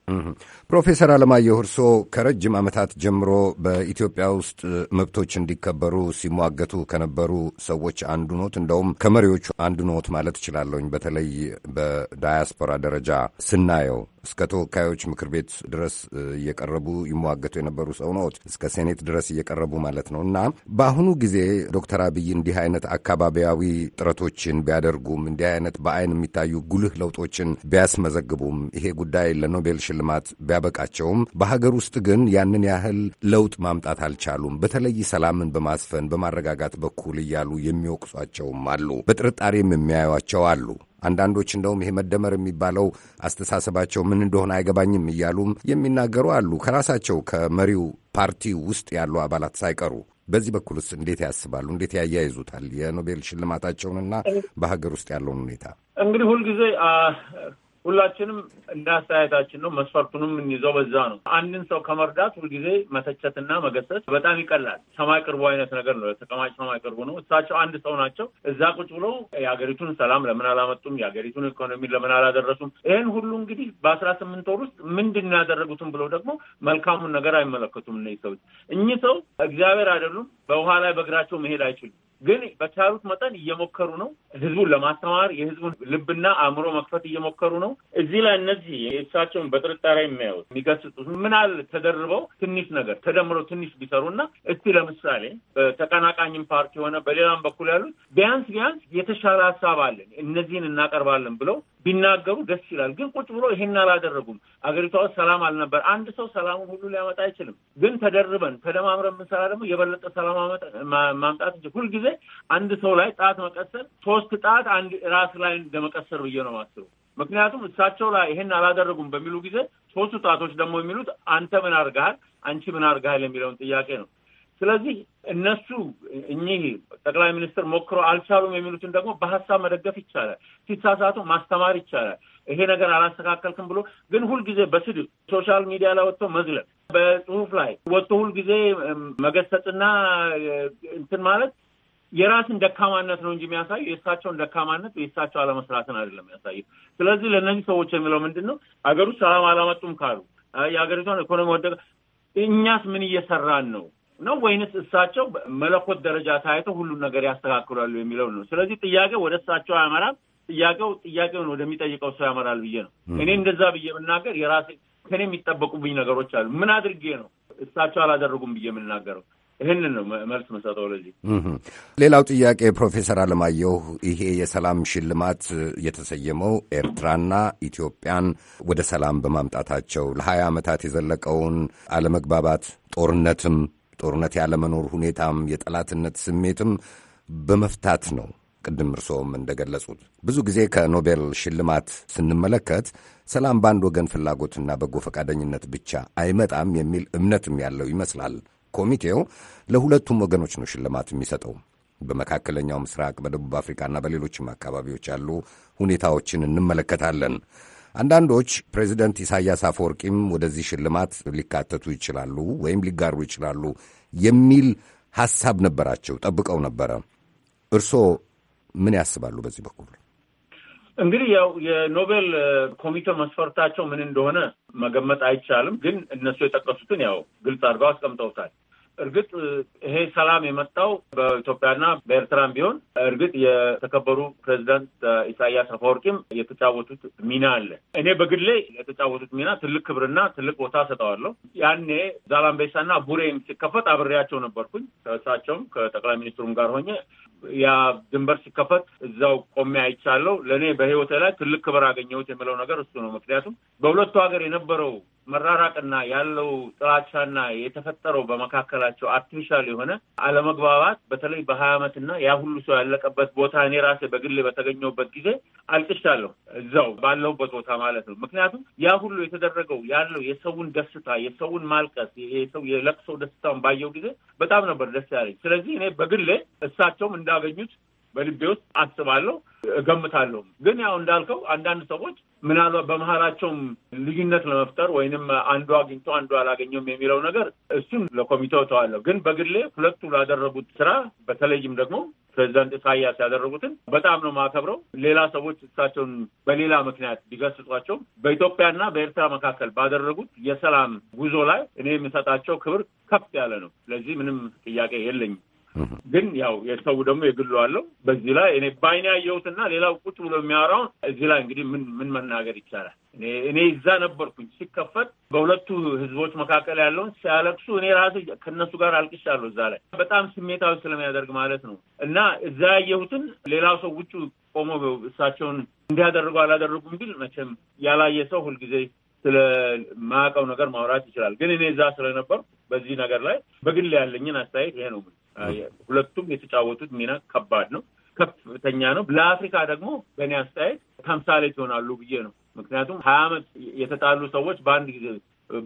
ፕሮፌሰር አለማየሁ እርሶ ከረጅም ዓመታት ጀምሮ በኢትዮጵያ ውስጥ መብቶች እንዲከበሩ ሲሟገቱ ከነበሩ ሰዎች አንዱ ኖት፣ እንደውም ከመሪዎቹ አንዱ ኖት ማለት እችላለሁኝ። በተለይ በዳያስፖራ ደረጃ ስናየው እስከ ተወካዮች ምክር ቤት ድረስ እየቀረቡ ይሟገቱ የነበሩ ሰው ኖት፣ እስከ ሴኔት ድረስ እየቀረቡ ማለት ነው እና በአሁኑ ጊዜ ዶክተር አብይ እንዲህ አይነት አካባቢያዊ ጥረቶችን ቢያደርጉም እንዲህ አይነት በአይን የሚታዩ ጉልህ ለውጦችን ቢያስመዘግቡም ይሄ ጉዳይ ለኖቤል ሽልማት ቢያበቃቸውም በሀገር ውስጥ ግን ያንን ያህል ለውጥ ማምጣት አልቻሉም። በተለይ ሰላምን በማስፈን በማረጋጋት በኩል እያሉ የሚወቅሷቸውም አሉ። በጥርጣሬም የሚያዩቸው አሉ። አንዳንዶች እንደውም ይሄ መደመር የሚባለው አስተሳሰባቸው ምን እንደሆነ አይገባኝም እያሉም የሚናገሩ አሉ። ከራሳቸው ከመሪው ፓርቲ ውስጥ ያሉ አባላት ሳይቀሩ በዚህ በኩልስ እንዴት ያስባሉ? እንዴት ያያይዙታል? የኖቤል ሽልማታቸውንና በሀገር ውስጥ ያለውን ሁኔታ እንግዲህ ሁልጊዜ ሁላችንም እንደ አስተያየታችን ነው። መስፈርቱንም እንይዘው በዛ ነው። አንድን ሰው ከመርዳት ሁልጊዜ መተቸትና መገሰት በጣም ይቀላል። ሰማይ ቅርቡ አይነት ነገር ነው። ተቀማጭ ሰማይ ቅርቡ ነው። እሳቸው አንድ ሰው ናቸው። እዛ ቁጭ ብለው የሀገሪቱን ሰላም ለምን አላመጡም? የሀገሪቱን ኢኮኖሚ ለምን አላደረሱም? ይህን ሁሉ እንግዲህ በአስራ ስምንት ወር ውስጥ ምንድን ያደረጉትም ብለው ደግሞ መልካሙን ነገር አይመለከቱም። እነዚህ ሰዎች እኚህ ሰው እግዚአብሔር አይደሉም። በውሃ ላይ በእግራቸው መሄድ አይችሉም። ግን በቻሉት መጠን እየሞከሩ ነው። ህዝቡን ለማስተማር የህዝቡን ልብና አእምሮ መክፈት እየሞከሩ ነው። እዚህ ላይ እነዚህ የእሳቸውን በጥርጣሬ የሚያዩት የሚገስጡት ምናል ተደርበው ትንሽ ነገር ተደምረው ትንሽ ቢሰሩ እና እስቲ ለምሳሌ በተቀናቃኝም ፓርቲ የሆነ በሌላም በኩል ያሉት ቢያንስ ቢያንስ የተሻለ ሀሳብ አለን እነዚህን እናቀርባለን ብለው ቢናገሩ ደስ ይላል። ግን ቁጭ ብሎ ይሄን አላደረጉም። አገሪቷ ውስጥ ሰላም አልነበር። አንድ ሰው ሰላሙን ሁሉ ሊያመጣ አይችልም። ግን ተደርበን ተደማምረን የምንሰራ ደግሞ የበለጠ ሰላም ማምጣት እንጂ ሁልጊዜ አንድ ሰው ላይ ጣት መቀሰር ሶስት ጣት አንድ ራስ ላይ እንደመቀሰር ብዬ ነው የማስበው። ምክንያቱም እሳቸው ላይ ይሄን አላደረጉም በሚሉ ጊዜ ሶስቱ ጣቶች ደግሞ የሚሉት አንተ ምን አድርገሃል፣ አንቺ ምን አድርገሃል የሚለውን ጥያቄ ነው። ስለዚህ እነሱ እኚህ ጠቅላይ ሚኒስትር ሞክሮ አልቻሉም የሚሉትን ደግሞ በሀሳብ መደገፍ ይቻላል። ሲሳሳቱ ማስተማር ይቻላል። ይሄ ነገር አላስተካከልክም ብሎ ግን ሁልጊዜ በስድብ ሶሻል ሚዲያ ላይ ወጥቶ መዝለብ፣ በጽሁፍ ላይ ወጥቶ ሁልጊዜ መገሰጥና እንትን ማለት የራስን ደካማነት ነው እንጂ የሚያሳዩ የእሳቸውን ደካማነት የእሳቸው አለመስራትን አይደለም የሚያሳዩ። ስለዚህ ለእነዚህ ሰዎች የሚለው ምንድን ነው? ሀገሩ ሰላም አላመጡም ካሉ የሀገሪቷን ኢኮኖሚ ወደቀ፣ እኛስ ምን እየሰራን ነው? ነው ወይንስ እሳቸው መለኮት ደረጃ ታይተው ሁሉን ነገር ያስተካክሏሉ የሚለው ነው። ስለዚህ ጥያቄ ወደ እሳቸው አያመራም። ጥያቄው ጥያቄውን ወደሚጠይቀው ሰው ያመራል ብዬ ነው እኔ እንደዛ ብዬ ብናገር የራሴ ከኔ የሚጠበቁብኝ ነገሮች አሉ። ምን አድርጌ ነው እሳቸው አላደረጉም ብዬ የምናገረው? ይህንን ነው መልስ መሰጠው። ለዚህ ሌላው ጥያቄ ፕሮፌሰር አለማየሁ ይሄ የሰላም ሽልማት የተሰየመው ኤርትራና ኢትዮጵያን ወደ ሰላም በማምጣታቸው ለሀያ ዓመታት የዘለቀውን አለመግባባት ጦርነትም ጦርነት ያለመኖር ሁኔታም የጠላትነት ስሜትም በመፍታት ነው። ቅድም እርስዎም እንደገለጹት ብዙ ጊዜ ከኖቤል ሽልማት ስንመለከት ሰላም በአንድ ወገን ፍላጎትና በጎ ፈቃደኝነት ብቻ አይመጣም የሚል እምነትም ያለው ይመስላል። ኮሚቴው ለሁለቱም ወገኖች ነው ሽልማት የሚሰጠው። በመካከለኛው ምስራቅ፣ በደቡብ አፍሪካና በሌሎችም አካባቢዎች ያሉ ሁኔታዎችን እንመለከታለን። አንዳንዶች ፕሬዚደንት ኢሳያስ አፈወርቂም ወደዚህ ሽልማት ሊካተቱ ይችላሉ ወይም ሊጋሩ ይችላሉ የሚል ሀሳብ ነበራቸው፣ ጠብቀው ነበረ። እርስዎ ምን ያስባሉ በዚህ በኩል? እንግዲህ ያው የኖቤል ኮሚቴ መስፈርታቸው ምን እንደሆነ መገመት አይቻልም። ግን እነሱ የጠቀሱትን ያው ግልጽ አድርገው አስቀምጠውታል። እርግጥ ይሄ ሰላም የመጣው በኢትዮጵያና በኤርትራም ቢሆን እርግጥ የተከበሩ ፕሬዚዳንት ኢሳያስ አፈወርቂም የተጫወቱት ሚና አለ። እኔ በግሌ የተጫወቱት ሚና ትልቅ ክብርና ትልቅ ቦታ ሰጠዋለሁ። ያኔ ዛላምቤሳና ቡሬም ሲከፈት አብሬያቸው ነበርኩኝ። ከእሳቸውም ከጠቅላይ ሚኒስትሩም ጋር ሆኜ ያ ድንበር ሲከፈት እዛው ቆሜ አይቻለሁ። ለእኔ በህይወቴ ላይ ትልቅ ክብር አገኘሁት የምለው ነገር እሱ ነው። ምክንያቱም በሁለቱ ሀገር የነበረው መራራቅና ያለው ጥላቻና የተፈጠረው በመካከላቸው አርቲፊሻል የሆነ አለመግባባት በተለይ በሀያ ዓመትና ያ ሁሉ ሰው ያለቀበት ቦታ እኔ ራሴ በግሌ በተገኘሁበት ጊዜ አልቅሻለሁ፣ እዛው ባለሁበት ቦታ ማለት ነው። ምክንያቱም ያ ሁሉ የተደረገው ያለው የሰውን ደስታ የሰውን ማልቀስ የሰው የለቅሰው ደስታውን ባየው ጊዜ በጣም ነበር ደስ ያለኝ። ስለዚህ እኔ በግሌ እሳቸውም እንዳገኙት በልቤ ውስጥ አስባለሁ፣ እገምታለሁ። ግን ያው እንዳልከው አንዳንድ ሰዎች ምናልባት በመሀላቸውም ልዩነት ለመፍጠር ወይንም አንዱ አግኝቶ አንዱ አላገኘውም የሚለው ነገር እሱን ለኮሚቴው ተዋለሁ። ግን በግሌ ሁለቱ ላደረጉት ስራ በተለይም ደግሞ ፕሬዚዳንት ኢሳያስ ያደረጉትን በጣም ነው ማከብረው። ሌላ ሰዎች እሳቸውን በሌላ ምክንያት ቢገስጿቸው በኢትዮጵያና በኤርትራ መካከል ባደረጉት የሰላም ጉዞ ላይ እኔ የምሰጣቸው ክብር ከፍ ያለ ነው። ስለዚህ ምንም ጥያቄ የለኝም። ግን ያው የሰው ደግሞ የግሉ አለው። በዚህ ላይ እኔ ባይኔ ያየሁትና ሌላው ቁጭ ብሎ የሚያወራውን እዚህ ላይ እንግዲህ ምን ምን መናገር ይቻላል? እኔ እኔ እዛ ነበርኩኝ ሲከፈት በሁለቱ ህዝቦች መካከል ያለውን ሲያለቅሱ እኔ ራሴ ከእነሱ ጋር አልቅሻለሁ። እዛ ላይ በጣም ስሜታዊ ስለሚያደርግ ማለት ነው እና እዛ ያየሁትን ሌላው ሰው ውጭ ቆሞ እሳቸውን እንዲያደርጉ አላደረጉም ቢል መቼም ያላየ ሰው ሁልጊዜ ስለማያውቀው ነገር ማውራት ይችላል። ግን እኔ እዛ ስለነበር በዚህ ነገር ላይ በግል ያለኝን አስተያየት ይሄ ነው። ሁለቱም የተጫወቱት ሚና ከባድ ነው፣ ከፍተኛ ነው። ለአፍሪካ ደግሞ በእኔ አስተያየት ተምሳሌት ይሆናሉ ብዬ ነው። ምክንያቱም ሀያ ዓመት የተጣሉ ሰዎች በአንድ ጊዜ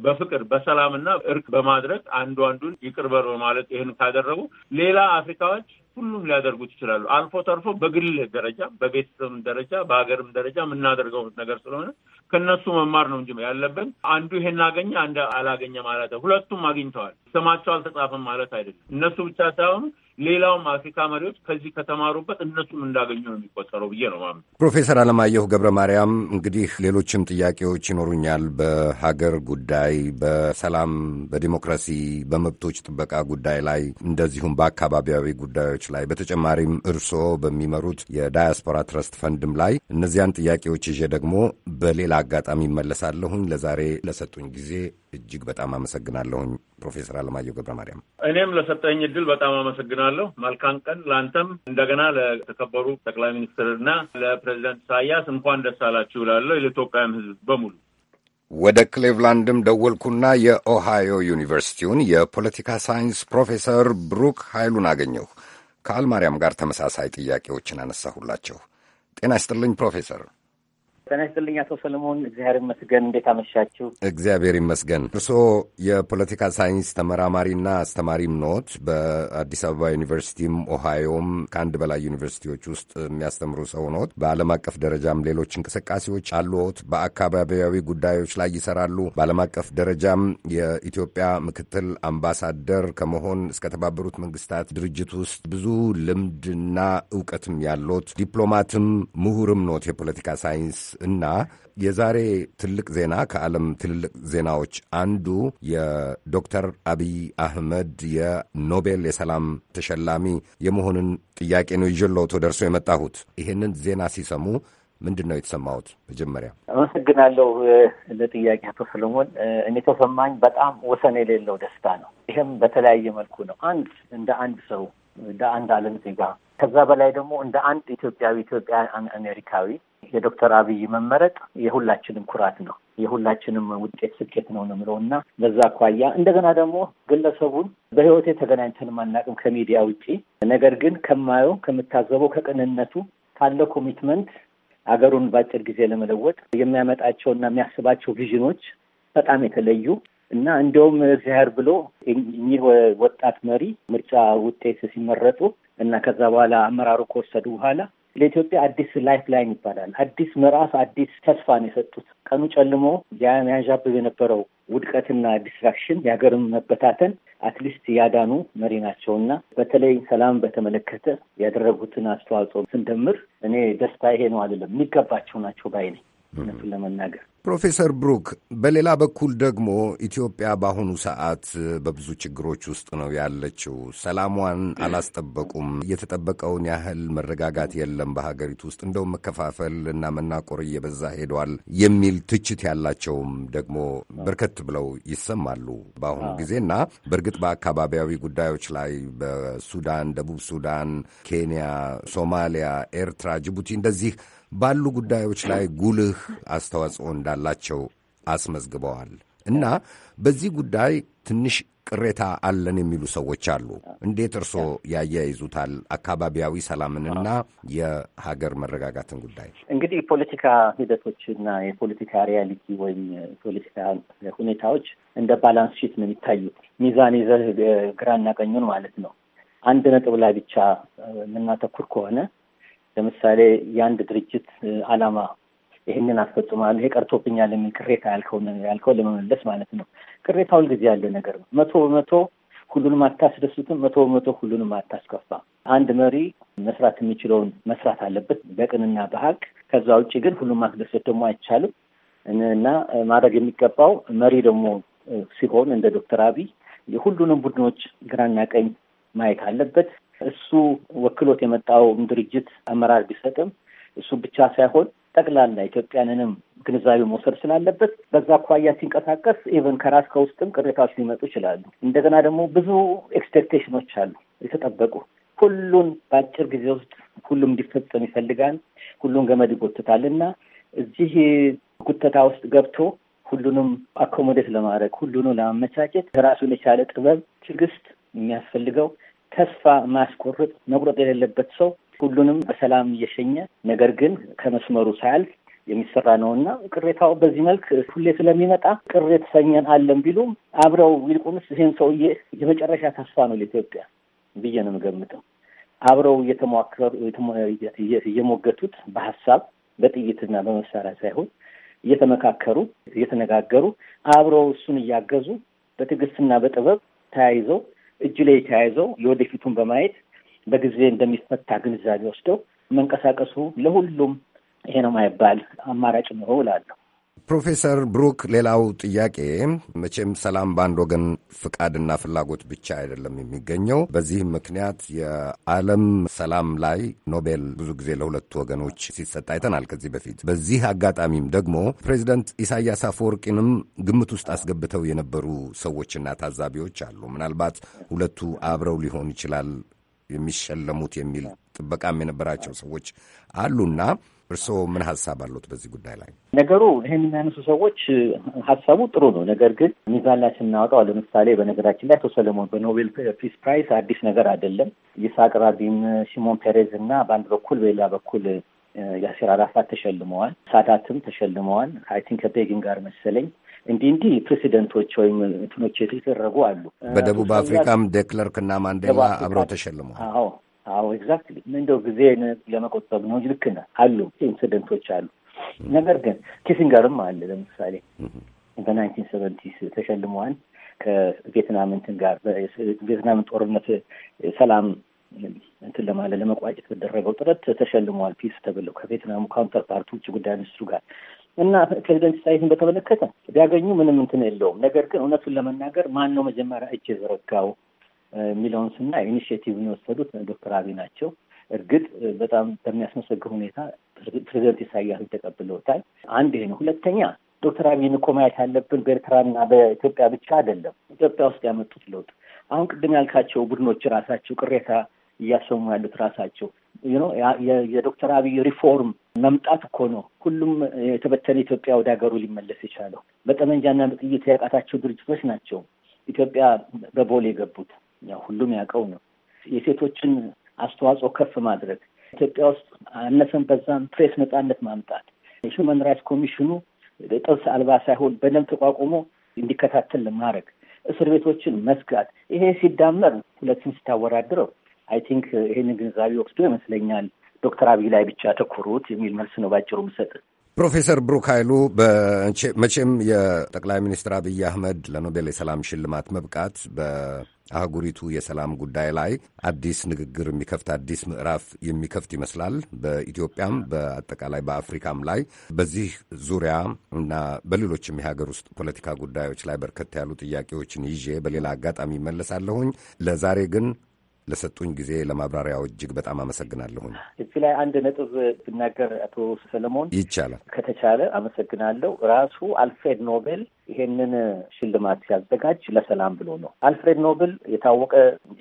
በፍቅር በሰላምና እርቅ በማድረግ አንዱ አንዱን ይቅርበር በር በማለት ይህን ካደረጉ ሌላ አፍሪካዎች ሁሉም ሊያደርጉት ይችላሉ። አልፎ ተርፎ በግል ደረጃ፣ በቤተሰብም ደረጃ፣ በሀገርም ደረጃ የምናደርገው ነገር ስለሆነ ከነሱ መማር ነው እንጂ ያለብን አንዱ ይሄን አገኘ አንድ አላገኘ ማለት ሁለቱም አግኝተዋል። ስማቸው አልተጻፈም ማለት አይደለም። እነሱ ብቻ ሳይሆኑ ሌላውም አፍሪካ መሪዎች ከዚህ ከተማሩበት እነሱም እንዳገኙ ነው የሚቆጠረው ብዬ ነው ማለት። ፕሮፌሰር አለማየሁ ገብረ ማርያም እንግዲህ ሌሎችም ጥያቄዎች ይኖሩኛል በሀገር ጉዳይ በሰላም በዲሞክራሲ በመብቶች ጥበቃ ጉዳይ ላይ እንደዚሁም በአካባቢያዊ ጉዳዮች ላይ በተጨማሪም እርስዎ በሚመሩት የዳያስፖራ ትረስት ፈንድም ላይ እነዚያን ጥያቄዎች ይዤ ደግሞ በሌላ አጋጣሚ ይመለሳለሁኝ ለዛሬ ለሰጡኝ ጊዜ እጅግ በጣም አመሰግናለሁኝ ፕሮፌሰር አለማየሁ ገብረ ማርያም። እኔም ለሰጠኝ እድል በጣም አመሰግናለሁ። መልካም ቀን ለአንተም፣ እንደገና ለተከበሩ ጠቅላይ ሚኒስትርና ለፕሬዚደንት ኢሳያስ እንኳን ደስ አላችሁ እላለሁ ለኢትዮጵያም ሕዝብ በሙሉ። ወደ ክሌቭላንድም ደወልኩና የኦሃዮ ዩኒቨርሲቲውን የፖለቲካ ሳይንስ ፕሮፌሰር ብሩክ ኃይሉን አገኘሁ። ከአልማርያም ጋር ተመሳሳይ ጥያቄዎችን አነሳሁላቸው። ጤና ይስጥልኝ ፕሮፌሰር። ጤና ይስጥልኝ አቶ ሰለሞን፣ እግዚአብሔር ይመስገን። እንዴት አመሻችሁ? እግዚአብሔር ይመስገን። እርስዎ የፖለቲካ ሳይንስ ተመራማሪና አስተማሪም ኖት። በአዲስ አበባ ዩኒቨርሲቲም ኦሃዮም ከአንድ በላይ ዩኒቨርሲቲዎች ውስጥ የሚያስተምሩ ሰው ኖት። በዓለም አቀፍ ደረጃም ሌሎች እንቅስቃሴዎች አሉት። በአካባቢያዊ ጉዳዮች ላይ ይሰራሉ። በዓለም አቀፍ ደረጃም የኢትዮጵያ ምክትል አምባሳደር ከመሆን እስከ ተባበሩት መንግስታት ድርጅት ውስጥ ብዙ ልምድና እውቀትም ያሎት ዲፕሎማትም ምሁርም ኖት የፖለቲካ ሳይንስ እና የዛሬ ትልቅ ዜና ከዓለም ትልልቅ ዜናዎች አንዱ የዶክተር አብይ አህመድ የኖቤል የሰላም ተሸላሚ የመሆንን ጥያቄ ነው ይዤልዎት ደርሶ የመጣሁት። ይህንን ዜና ሲሰሙ ምንድን ነው የተሰማሁት? መጀመሪያ አመሰግናለሁ ለጥያቄ አቶ ሰለሞን። እኔ ተሰማኝ በጣም ወሰን የሌለው ደስታ ነው። ይህም በተለያየ መልኩ ነው። አንድ እንደ አንድ ሰው እንደ አንድ ዓለም ዜጋ ከዛ በላይ ደግሞ እንደ አንድ ኢትዮጵያዊ ኢትዮጵያ አሜሪካዊ የዶክተር አብይ መመረጥ የሁላችንም ኩራት ነው፣ የሁላችንም ውጤት ስኬት ነው ነው እና በዛ አኳያ እንደገና ደግሞ ግለሰቡን በህይወቴ ተገናኝተን አናውቅም ከሚዲያ ውጪ። ነገር ግን ከማየው ከምታዘበው፣ ከቅንነቱ ካለው ኮሚትመንት አገሩን በአጭር ጊዜ ለመለወጥ የሚያመጣቸውና የሚያስባቸው ቪዥኖች በጣም የተለዩ እና እንደውም እግዚአብሔር ብሎ እኚህ ወጣት መሪ ምርጫ ውጤት ሲመረጡ እና ከዛ በኋላ አመራሩ ከወሰዱ በኋላ ለኢትዮጵያ አዲስ ላይፍ ላይን ይባላል። አዲስ ምዕራፍ፣ አዲስ ተስፋ ነው የሰጡት። ቀኑ ጨልሞ ያንዣብብ የነበረው ውድቀትና ዲስትራክሽን፣ የሀገርን መበታተን አትሊስት ያዳኑ መሪ ናቸው እና በተለይ ሰላም በተመለከተ ያደረጉትን አስተዋጽኦ ስንደምር እኔ ደስታ ይሄ ነው አይደለም የሚገባቸው ናቸው ባይ ነኝ እውነቱን ለመናገር ፕሮፌሰር ብሩክ በሌላ በኩል ደግሞ ኢትዮጵያ በአሁኑ ሰዓት በብዙ ችግሮች ውስጥ ነው ያለችው። ሰላሟን አላስጠበቁም። የተጠበቀውን ያህል መረጋጋት የለም በሀገሪቱ ውስጥ እንደውም መከፋፈል እና መናቆር እየበዛ ሄዷል የሚል ትችት ያላቸውም ደግሞ በርከት ብለው ይሰማሉ በአሁኑ ጊዜና በእርግጥ በአካባቢያዊ ጉዳዮች ላይ በሱዳን፣ ደቡብ ሱዳን፣ ኬንያ፣ ሶማሊያ፣ ኤርትራ፣ ጅቡቲ እንደዚህ ባሉ ጉዳዮች ላይ ጉልህ አስተዋጽኦ እንዳላቸው አስመዝግበዋል እና በዚህ ጉዳይ ትንሽ ቅሬታ አለን የሚሉ ሰዎች አሉ። እንዴት እርስዎ ያያይዙታል? አካባቢያዊ ሰላምንና የሀገር መረጋጋትን ጉዳይ እንግዲህ የፖለቲካ ሂደቶችና የፖለቲካ ሪያሊቲ ወይም የፖለቲካ ሁኔታዎች እንደ ባላንስ ሺት ነው የሚታዩት። ሚዛን ይዘህ ግራ እናቀኙን ማለት ነው። አንድ ነጥብ ላይ ብቻ የምናተኩር ከሆነ ለምሳሌ የአንድ ድርጅት አላማ ይህንን አስፈጽማለሁ ይሄ ቀርቶብኛል የሚል ቅሬታ ያልከው ያልከው ለመመለስ ማለት ነው። ቅሬታ ሁልጊዜ ያለ ነገር ነው። መቶ በመቶ ሁሉንም አታስደሱትም። መቶ በመቶ ሁሉንም አታስከፋም። አንድ መሪ መስራት የሚችለውን መስራት አለበት በቅንና በሀቅ። ከዛ ውጭ ግን ሁሉም ማስደሰት ደግሞ አይቻልም እና ማድረግ የሚገባው መሪ ደግሞ ሲሆን እንደ ዶክተር አብይ የሁሉንም ቡድኖች ግራና ቀኝ ማየት አለበት። እሱ ወክሎት የመጣውን ድርጅት አመራር ቢሰጥም እሱ ብቻ ሳይሆን ጠቅላላ ኢትዮጵያንንም ግንዛቤ መውሰድ ስላለበት በዛ አኳያ ሲንቀሳቀስ ኢቨን ከራስ ከውስጥም ቅሬታዎች ሊመጡ ይችላሉ። እንደገና ደግሞ ብዙ ኤክስፔክቴሽኖች አሉ የተጠበቁ ሁሉን በአጭር ጊዜ ውስጥ ሁሉም እንዲፈጸም ይፈልጋል። ሁሉን ገመድ ይጎትታል እና እዚህ ጉተታ ውስጥ ገብቶ ሁሉንም አኮሞዴት ለማድረግ ሁሉንም ለማመቻቸት ራሱን የቻለ ጥበብ፣ ትዕግስት የሚያስፈልገው ተስፋ ማስቆርጥ መቁረጥ የሌለበት ሰው ሁሉንም በሰላም እየሸኘ ነገር ግን ከመስመሩ ሳያልፍ የሚሰራ ነው እና ቅሬታው በዚህ መልክ ሁሌ ስለሚመጣ ቅር የተሰኘን አለን ቢሉም አብረው ይልቁንስ ይህን ሰውዬ የመጨረሻ ተስፋ ነው ለኢትዮጵያ ብዬ ነው የምገምጠው። አብረው እየተሞከሩ እየሞገቱት በሀሳብ በጥይትና በመሳሪያ ሳይሆን እየተመካከሩ እየተነጋገሩ አብረው እሱን እያገዙ በትዕግስትና በጥበብ ተያይዘው እጅ ላይ የተያይዘው የወደፊቱን በማየት በጊዜ እንደሚፈታ ግንዛቤ ወስደው መንቀሳቀሱ ለሁሉም ይሄ ነው ማይባል አማራጭ ኑሮ እላለሁ። ፕሮፌሰር ብሩክ ሌላው ጥያቄ መቼም ሰላም በአንድ ወገን ፍቃድና ፍላጎት ብቻ አይደለም የሚገኘው። በዚህም ምክንያት የዓለም ሰላም ላይ ኖቤል ብዙ ጊዜ ለሁለቱ ወገኖች ሲሰጥ አይተናል ከዚህ በፊት። በዚህ አጋጣሚም ደግሞ ፕሬዚደንት ኢሳያስ አፈወርቂንም ግምት ውስጥ አስገብተው የነበሩ ሰዎችና ታዛቢዎች አሉ። ምናልባት ሁለቱ አብረው ሊሆን ይችላል የሚሸለሙት የሚል ጥበቃም የነበራቸው ሰዎች አሉና እርስዎ ምን ሀሳብ አሉት በዚህ ጉዳይ ላይ? ነገሩ ይህን የሚያነሱ ሰዎች ሀሳቡ ጥሩ ነው። ነገር ግን ሚዛን ላይ ስናወጣው ለምሳሌ በነገራችን ላይ አቶ ሰለሞን በኖቤል ፒስ ፕራይስ አዲስ ነገር አይደለም። ይስሐቅ ራቢን፣ ሲሞን ፔሬዝ እና በአንድ በኩል በሌላ በኩል ያሲር አራፋት ተሸልመዋል። ሳዳትም ተሸልመዋል። አይቲንክ ከቤጊን ጋር መሰለኝ እንዲህ እንዲህ ፕሬሲደንቶች ወይም እንትኖች የተደረጉ አሉ። በደቡብ አፍሪካም ዴክለርክ እና ማንዴላ አብረው ተሸልመዋል። አዎ አዎ ኤግዛክትሊ እንደው ጊዜ ለመቆጠብ ነው። ልክ ነህ። አሉ ኢንስደንቶች አሉ። ነገር ግን ኪሲንገርም አለ። ለምሳሌ በናይንቲን ሰቨንቲስ ተሸልመዋል። ከቪየትናም እንትን ጋር ቪየትናምን ጦርነት ሰላም እንትን ለማለ ለመቋጨት በደረገው ጥረት ተሸልመዋል። ፒስ ተብለው ከቪየትናሙ ካውንተር ፓርት ውጭ ጉዳይ ሚኒስትሩ ጋር እና ፕሬዚደንት ኢሳያስን በተመለከተ ቢያገኙ ምንም እንትን የለውም። ነገር ግን እውነቱን ለመናገር ማን ነው መጀመሪያ እጅ የዘረጋው የሚለውን ስናይ ኢኒሽቲቭን የወሰዱት ዶክተር አብይ ናቸው። እርግጥ በጣም በሚያስመሰግን ሁኔታ ፕሬዚደንት ኢሳያስን ተቀብለውታል። አንድ ይሄ ነው። ሁለተኛ ዶክተር አብይን እኮ ማየት ያለብን በኤርትራና በኢትዮጵያ ብቻ አይደለም። ኢትዮጵያ ውስጥ ያመጡት ለውጥ አሁን ቅድም ያልካቸው ቡድኖች ራሳቸው ቅሬታ እያሰሙ ያሉት ራሳቸው የዶክተር አብይ ሪፎርም መምጣት እኮ ነው። ሁሉም የተበተነ ኢትዮጵያ ወደ ሀገሩ ሊመለስ የቻለው በጠመንጃና በጥይት ያቃታቸው ድርጅቶች ናቸው ኢትዮጵያ በቦሌ የገቡት ያው ሁሉም ያውቀው ነው። የሴቶችን አስተዋጽኦ ከፍ ማድረግ ኢትዮጵያ ውስጥ አነሰን በዛም ፕሬስ ነጻነት ማምጣት የሂውማን ራይትስ ኮሚሽኑ ጥርስ አልባ ሳይሆን በደንብ ተቋቁሞ እንዲከታተል ማድረግ እስር ቤቶችን መዝጋት፣ ይሄ ሲዳመር ሁለቱን ስታወዳድረው አይ ቲንክ ይህንን ግንዛቤ ወስዶ ይመስለኛል ዶክተር አብይ ላይ ብቻ ያተኮሩት የሚል መልስ ነው ባጭሩ ምሰጥ። ፕሮፌሰር ብሩክ ኃይሉ መቼም የጠቅላይ ሚኒስትር አብይ አህመድ ለኖቤል የሰላም ሽልማት መብቃት አህጉሪቱ የሰላም ጉዳይ ላይ አዲስ ንግግር የሚከፍት አዲስ ምዕራፍ የሚከፍት ይመስላል። በኢትዮጵያም በአጠቃላይ በአፍሪካም ላይ በዚህ ዙሪያ እና በሌሎችም የሀገር ውስጥ ፖለቲካ ጉዳዮች ላይ በርከት ያሉ ጥያቄዎችን ይዤ በሌላ አጋጣሚ ይመለሳለሁኝ። ለዛሬ ግን ለሰጡኝ ጊዜ ለማብራሪያው እጅግ በጣም አመሰግናለሁኝ። እዚህ ላይ አንድ ነጥብ ብናገር አቶ ሰለሞን ይቻላል ከተቻለ አመሰግናለሁ። ራሱ አልፍሬድ ኖቤል ይሄንን ሽልማት ሲያዘጋጅ ለሰላም ብሎ ነው። አልፍሬድ ኖብል የታወቀ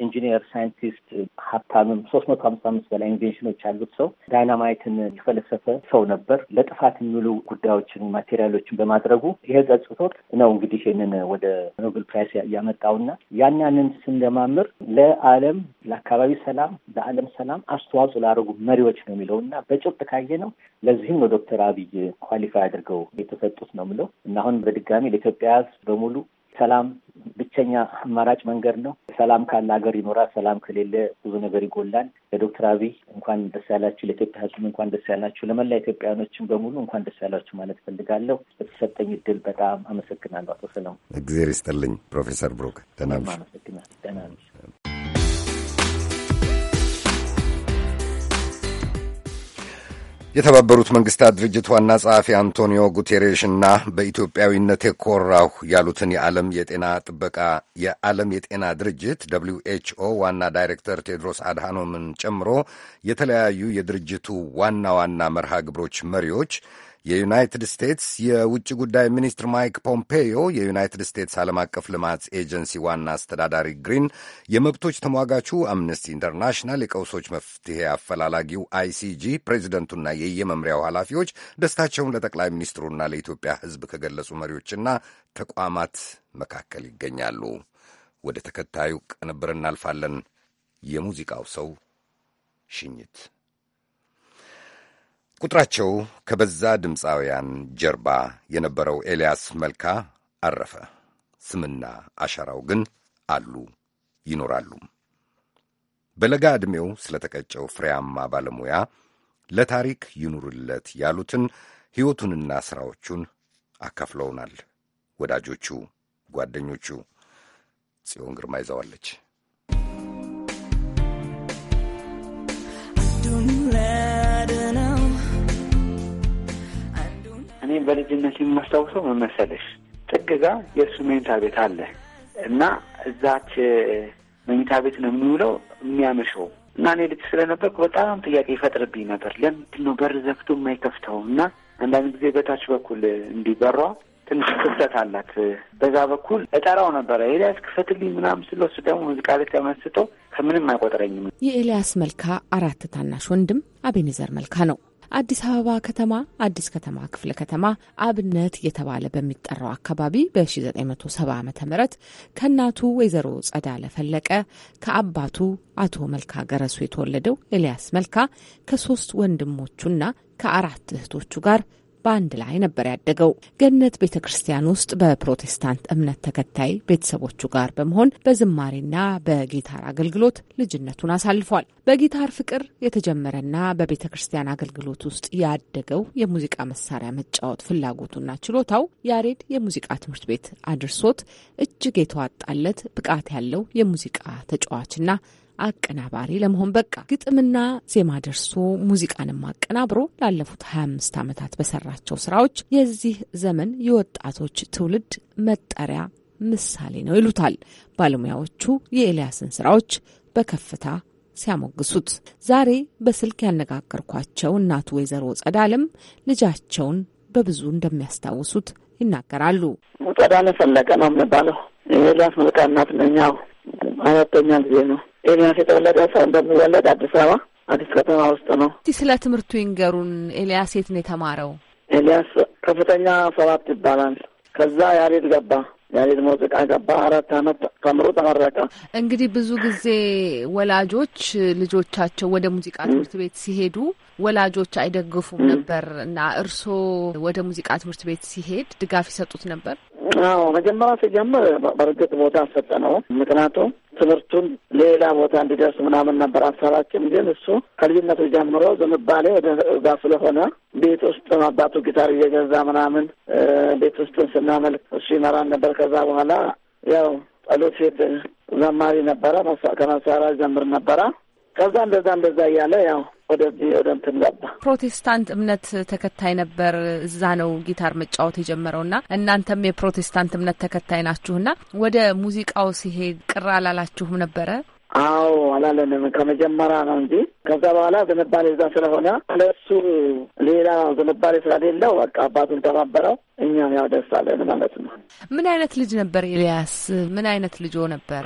ኢንጂኒየር፣ ሳይንቲስት፣ ሀብታምም ሶስት መቶ ሀምሳ አምስት በላይ ኢንቬንሽኖች ያሉት ሰው፣ ዳይናማይትን የፈለሰፈ ሰው ነበር። ለጥፋት የሚውሉ ጉዳዮችን ማቴሪያሎችን በማድረጉ ይሄ ገጽቶት ነው እንግዲህ ይሄንን ወደ ኖብል ፕራይስ እያመጣውና ያመጣውና ያናንን ስንደማምር ለዓለም ለአካባቢ ሰላም፣ ለዓለም ሰላም አስተዋጽኦ ላደረጉ መሪዎች ነው የሚለው እና በጭብጥ ካየ ነው። ለዚህም ነው ዶክተር አብይ ኳሊፋይ አድርገው የተሰጡት ነው የምለው እና አሁን በድጋሚ ለኢትዮጵያ ሕዝብ በሙሉ ሰላም ብቸኛ አማራጭ መንገድ ነው። ሰላም ካለ ሀገር ይኖራል። ሰላም ከሌለ ብዙ ነገር ይጎላል። ለዶክተር አብይ እንኳን ደስ ያላችሁ፣ ለኢትዮጵያ ህዝብ እንኳን ደስ ያላችሁ፣ ለመላ ኢትዮጵያውያኖችም በሙሉ እንኳን ደስ ያላችሁ ማለት ፈልጋለሁ። በተሰጠኝ እድል በጣም አመሰግናለሁ አቶ ሰለሞን። እግዜር ይስጥልኝ ፕሮፌሰር ብሩክ ደህና ነሽ? አመሰግናለሁ። ደህና ነሽ? የተባበሩት መንግስታት ድርጅት ዋና ጸሐፊ አንቶኒዮ ጉቴሬሽ እና በኢትዮጵያዊነት የኮራሁ ያሉትን የዓለም የጤና ጥበቃ የዓለም የጤና ድርጅት ደብሊው ኤችኦ ዋና ዳይሬክተር ቴድሮስ አድሃኖምን ጨምሮ የተለያዩ የድርጅቱ ዋና ዋና መርሃ ግብሮች መሪዎች የዩናይትድ ስቴትስ የውጭ ጉዳይ ሚኒስትር ማይክ ፖምፔዮ የዩናይትድ ስቴትስ ዓለም አቀፍ ልማት ኤጀንሲ ዋና አስተዳዳሪ ግሪን፣ የመብቶች ተሟጋቹ አምነስቲ ኢንተርናሽናል፣ የቀውሶች መፍትሄ አፈላላጊው አይሲጂ ፕሬዚደንቱና የየመምሪያው ኃላፊዎች ደስታቸውን ለጠቅላይ ሚኒስትሩና ለኢትዮጵያ ሕዝብ ከገለጹ መሪዎችና ተቋማት መካከል ይገኛሉ። ወደ ተከታዩ ቅንብር እናልፋለን። የሙዚቃው ሰው ሽኝት ቁጥራቸው ከበዛ ድምፃውያን ጀርባ የነበረው ኤልያስ መልካ አረፈ። ስምና አሻራው ግን አሉ፣ ይኖራሉ። በለጋ ዕድሜው ስለ ተቀጨው ፍሬያማ ባለሙያ ለታሪክ ይኑርለት ያሉትን ሕይወቱንና ሥራዎቹን አካፍለውናል ወዳጆቹ፣ ጓደኞቹ። ጽዮን ግርማ ይዘዋለች። እኔም በልጅነት የማስታውሰው ምን መሰለሽ ጥግጋ የእሱ መኝታ ቤት አለ እና እዛች መኝታ ቤት ነው የሚውለው የሚያመሸው እና እኔ ልጅ ስለነበርኩ በጣም ጥያቄ ይፈጥርብኝ ነበር። ለምንድን ነው በር ዘግቶ የማይከፍተው? እና አንዳንድ ጊዜ በታች በኩል እንዲበሯ ትንሽ ክፍተት አላት። በዛ በኩል እጠራው ነበረ ኤልያስ ክፈትልኝ ምናምን ስለ እሱ ደግሞ ሙዚቃ ቤት ተመስጦ ከምንም አይቆጥረኝም። የኤልያስ መልካ አራት ታናሽ ወንድም አቤኔዘር መልካ ነው። አዲስ አበባ ከተማ አዲስ ከተማ ክፍለ ከተማ አብነት እየተባለ በሚጠራው አካባቢ በ1970 ዓ ም ከእናቱ ወይዘሮ ጸዳለ ፈለቀ ከአባቱ አቶ መልካ ገረሱ የተወለደው ኤልያስ መልካ ከሶስት ወንድሞቹና ከአራት እህቶቹ ጋር በአንድ ላይ ነበር ያደገው። ገነት ቤተ ክርስቲያን ውስጥ በፕሮቴስታንት እምነት ተከታይ ቤተሰቦቹ ጋር በመሆን በዝማሬና በጊታር አገልግሎት ልጅነቱን አሳልፏል። በጊታር ፍቅር የተጀመረና በቤተ ክርስቲያን አገልግሎት ውስጥ ያደገው የሙዚቃ መሳሪያ መጫወት ፍላጎቱና ችሎታው ያሬድ የሙዚቃ ትምህርት ቤት አድርሶት እጅግ የተዋጣለት ብቃት ያለው የሙዚቃ ተጫዋችና አቀናባሪ ለመሆን በቃ። ግጥምና ዜማ ደርሶ ሙዚቃንም አቀናብሮ ላለፉት 25 ዓመታት በሰራቸው ስራዎች የዚህ ዘመን የወጣቶች ትውልድ መጠሪያ ምሳሌ ነው ይሉታል ባለሙያዎቹ የኤልያስን ስራዎች በከፍታ ሲያሞግሱት። ዛሬ በስልክ ያነጋገርኳቸው እናቱ ወይዘሮ ጸዳለም ልጃቸውን በብዙ እንደሚያስታውሱት ይናገራሉ። ጸዳለ ፈለቀ ነው የምንባለው የኤልያስ ሙዚቃ እናት ነኛው አራተኛ ጊዜ ነው ኤልያስ የተወለደ ሰው እንደሚወለድ አዲስ አበባ አዲስ ከተማ ውስጥ ነው። እስቲ ስለ ትምህርቱ ይንገሩን። ኤልያስ የት ነው የተማረው? ኤልያስ ከፍተኛ ሰባት ይባላል። ከዛ ያሬድ ገባ ያሬድ ሙዚቃ ገባ። አራት አመት ተምሮ ተመረቀ። እንግዲህ ብዙ ጊዜ ወላጆች ልጆቻቸው ወደ ሙዚቃ ትምህርት ቤት ሲሄዱ ወላጆች አይደግፉም ነበር እና እርስዎ ወደ ሙዚቃ ትምህርት ቤት ሲሄድ ድጋፍ ይሰጡት ነበር? አዎ መጀመሪያ ሲጀምር በእርግጥ ቦታ ነው። ምክንያቱም ትምህርቱን ሌላ ቦታ እንዲደርስ ምናምን ነበር ሀሳባችን። ግን እሱ ከልጅነቱ ጀምሮ ዝንባሌ ወደ እዛ ስለሆነ ቤት ውስጥ አባቱ ጊታር እየገዛ ምናምን ቤት ውስጥን ስናመልክ እሱ ይመራን ነበር። ከዛ በኋላ ያው ጸሎት ቤት ዘማሪ ነበረ፣ ከመሳሪያ ጀምር ነበረ። ከዛ እንደዛ እንደዛ እያለ ያው ወደዚህ ወደ እንትን ገባ። ፕሮቴስታንት እምነት ተከታይ ነበር። እዛ ነው ጊታር መጫወት የጀመረው እና እናንተም የፕሮቴስታንት እምነት ተከታይ ናችሁና ወደ ሙዚቃው ሲሄድ ቅር አላላችሁም ነበረ? አዎ አላለንም። ከመጀመሪያ ነው እንጂ ከዛ በኋላ ዝንባሌ እዛ ስለሆነ ለሱ ሌላ ዝንባሌ ስለሌለው በቃ አባቱን ተባበረው፣ እኛም ያው ደስ አለን ማለት ነው። ምን አይነት ልጅ ነበር ኤልያስ? ምን አይነት ልጆ ነበረ?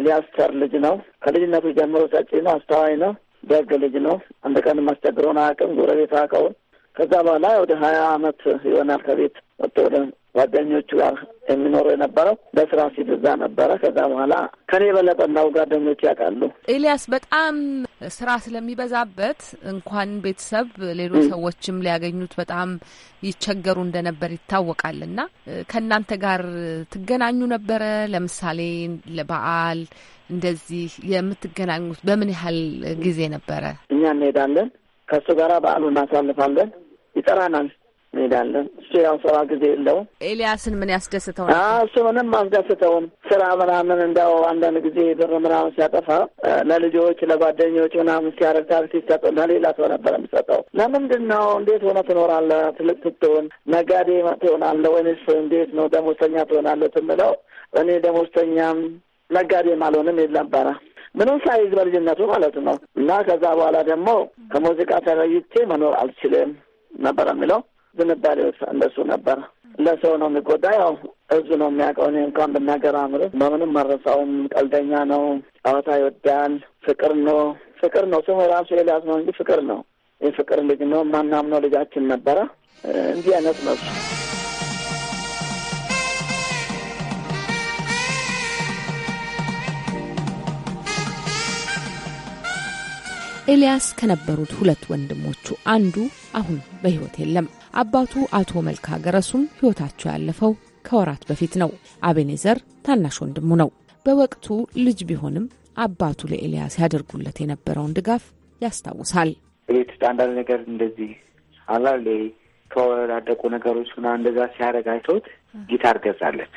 ኤልያስ ተር ልጅ ነው። ከልጅነቱ ጀምሮ ሰጪ ነው፣ አስተዋይ ነው። ደግ ልጅ ነው። አንድ ቀን የማስቸግረውን አያውቅም፣ ጎረቤት አያውቀውም። ከዛ በኋላ ወደ ሀያ አመት ይሆናል ከቤት ወጥቶ ወደ ጓደኞቹ ጋር የሚኖሩ የነበረው በስራ ሲበዛ ነበረ። ከዛ በኋላ ከኔ በለጠና ጓደኞቹ ያውቃሉ። ኤልያስ በጣም ስራ ስለሚበዛበት እንኳን ቤተሰብ ሌሎች ሰዎችም ሊያገኙት በጣም ይቸገሩ እንደነበር ይታወቃል። እና ከእናንተ ጋር ትገናኙ ነበረ? ለምሳሌ ለበዓል እንደዚህ የምትገናኙት በምን ያህል ጊዜ ነበረ? እኛ እንሄዳለን፣ ከእሱ ጋር በዓሉን እናሳልፋለን። ይጠራናል እንሄዳለን። እሱ ያው ስራ ጊዜ የለው ኤልያስን ምን ያስደስተው? እሱ ምንም አስደስተውም። ስራ ምናምን እንደው አንዳንድ ጊዜ ብር ምናምን ሲያጠፋ ለልጆች ለጓደኞች ምናምን ሲያደርግ ታክሲ ሲሰጥ ለሌላ ሰው ነበር የሚሰጠው። ለምንድን ነው እንዴት ሆነ ትኖራለ? ትልቅ ስትሆን ነጋዴ ትሆናለ ወይስ እንዴት ነው ደሞዝተኛ ትሆናለ? ትምለው እኔ ደሞዝተኛም ነጋዴም አልሆንም ይል ነበረ ምንም ሳይዝ በልጅነቱ ማለት ነው። እና ከዛ በኋላ ደግሞ ከሙዚቃ ተለይቼ መኖር አልችልም ነበር የሚለው ዝንባሌ ውስጥ እንደሱ ነበረ። ለሰው ነው የሚጎዳ፣ ያው እዙ ነው የሚያውቀው። እኔ እንኳን ብናገር አምር በምንም መረሳውም። ቀልደኛ ነው፣ ጨዋታ ይወዳል፣ ፍቅር ነው ፍቅር ነው። ስሙ ራሱ ኤልያስ ነው እንጂ ፍቅር ነው። ይህ ፍቅር ልጅ ነው፣ ማናምነው ልጃችን ነበረ። እንዲህ አይነት ነው እሱ። ኤልያስ ከነበሩት ሁለት ወንድሞቹ አንዱ አሁን በሕይወት የለም። አባቱ አቶ መልካ ገረሱም ሕይወታቸው ያለፈው ከወራት በፊት ነው። አቤኔዘር ታናሽ ወንድሙ ነው። በወቅቱ ልጅ ቢሆንም አባቱ ለኤልያስ ያደርጉለት የነበረውን ድጋፍ ያስታውሳል። ቤት ውስጥ አንዳንድ ነገር እንደዚህ አላል ከወዳደቁ ነገሮች ሁና እንደዛ ሲያደርግ አይቶት ጊታር ገዛለት።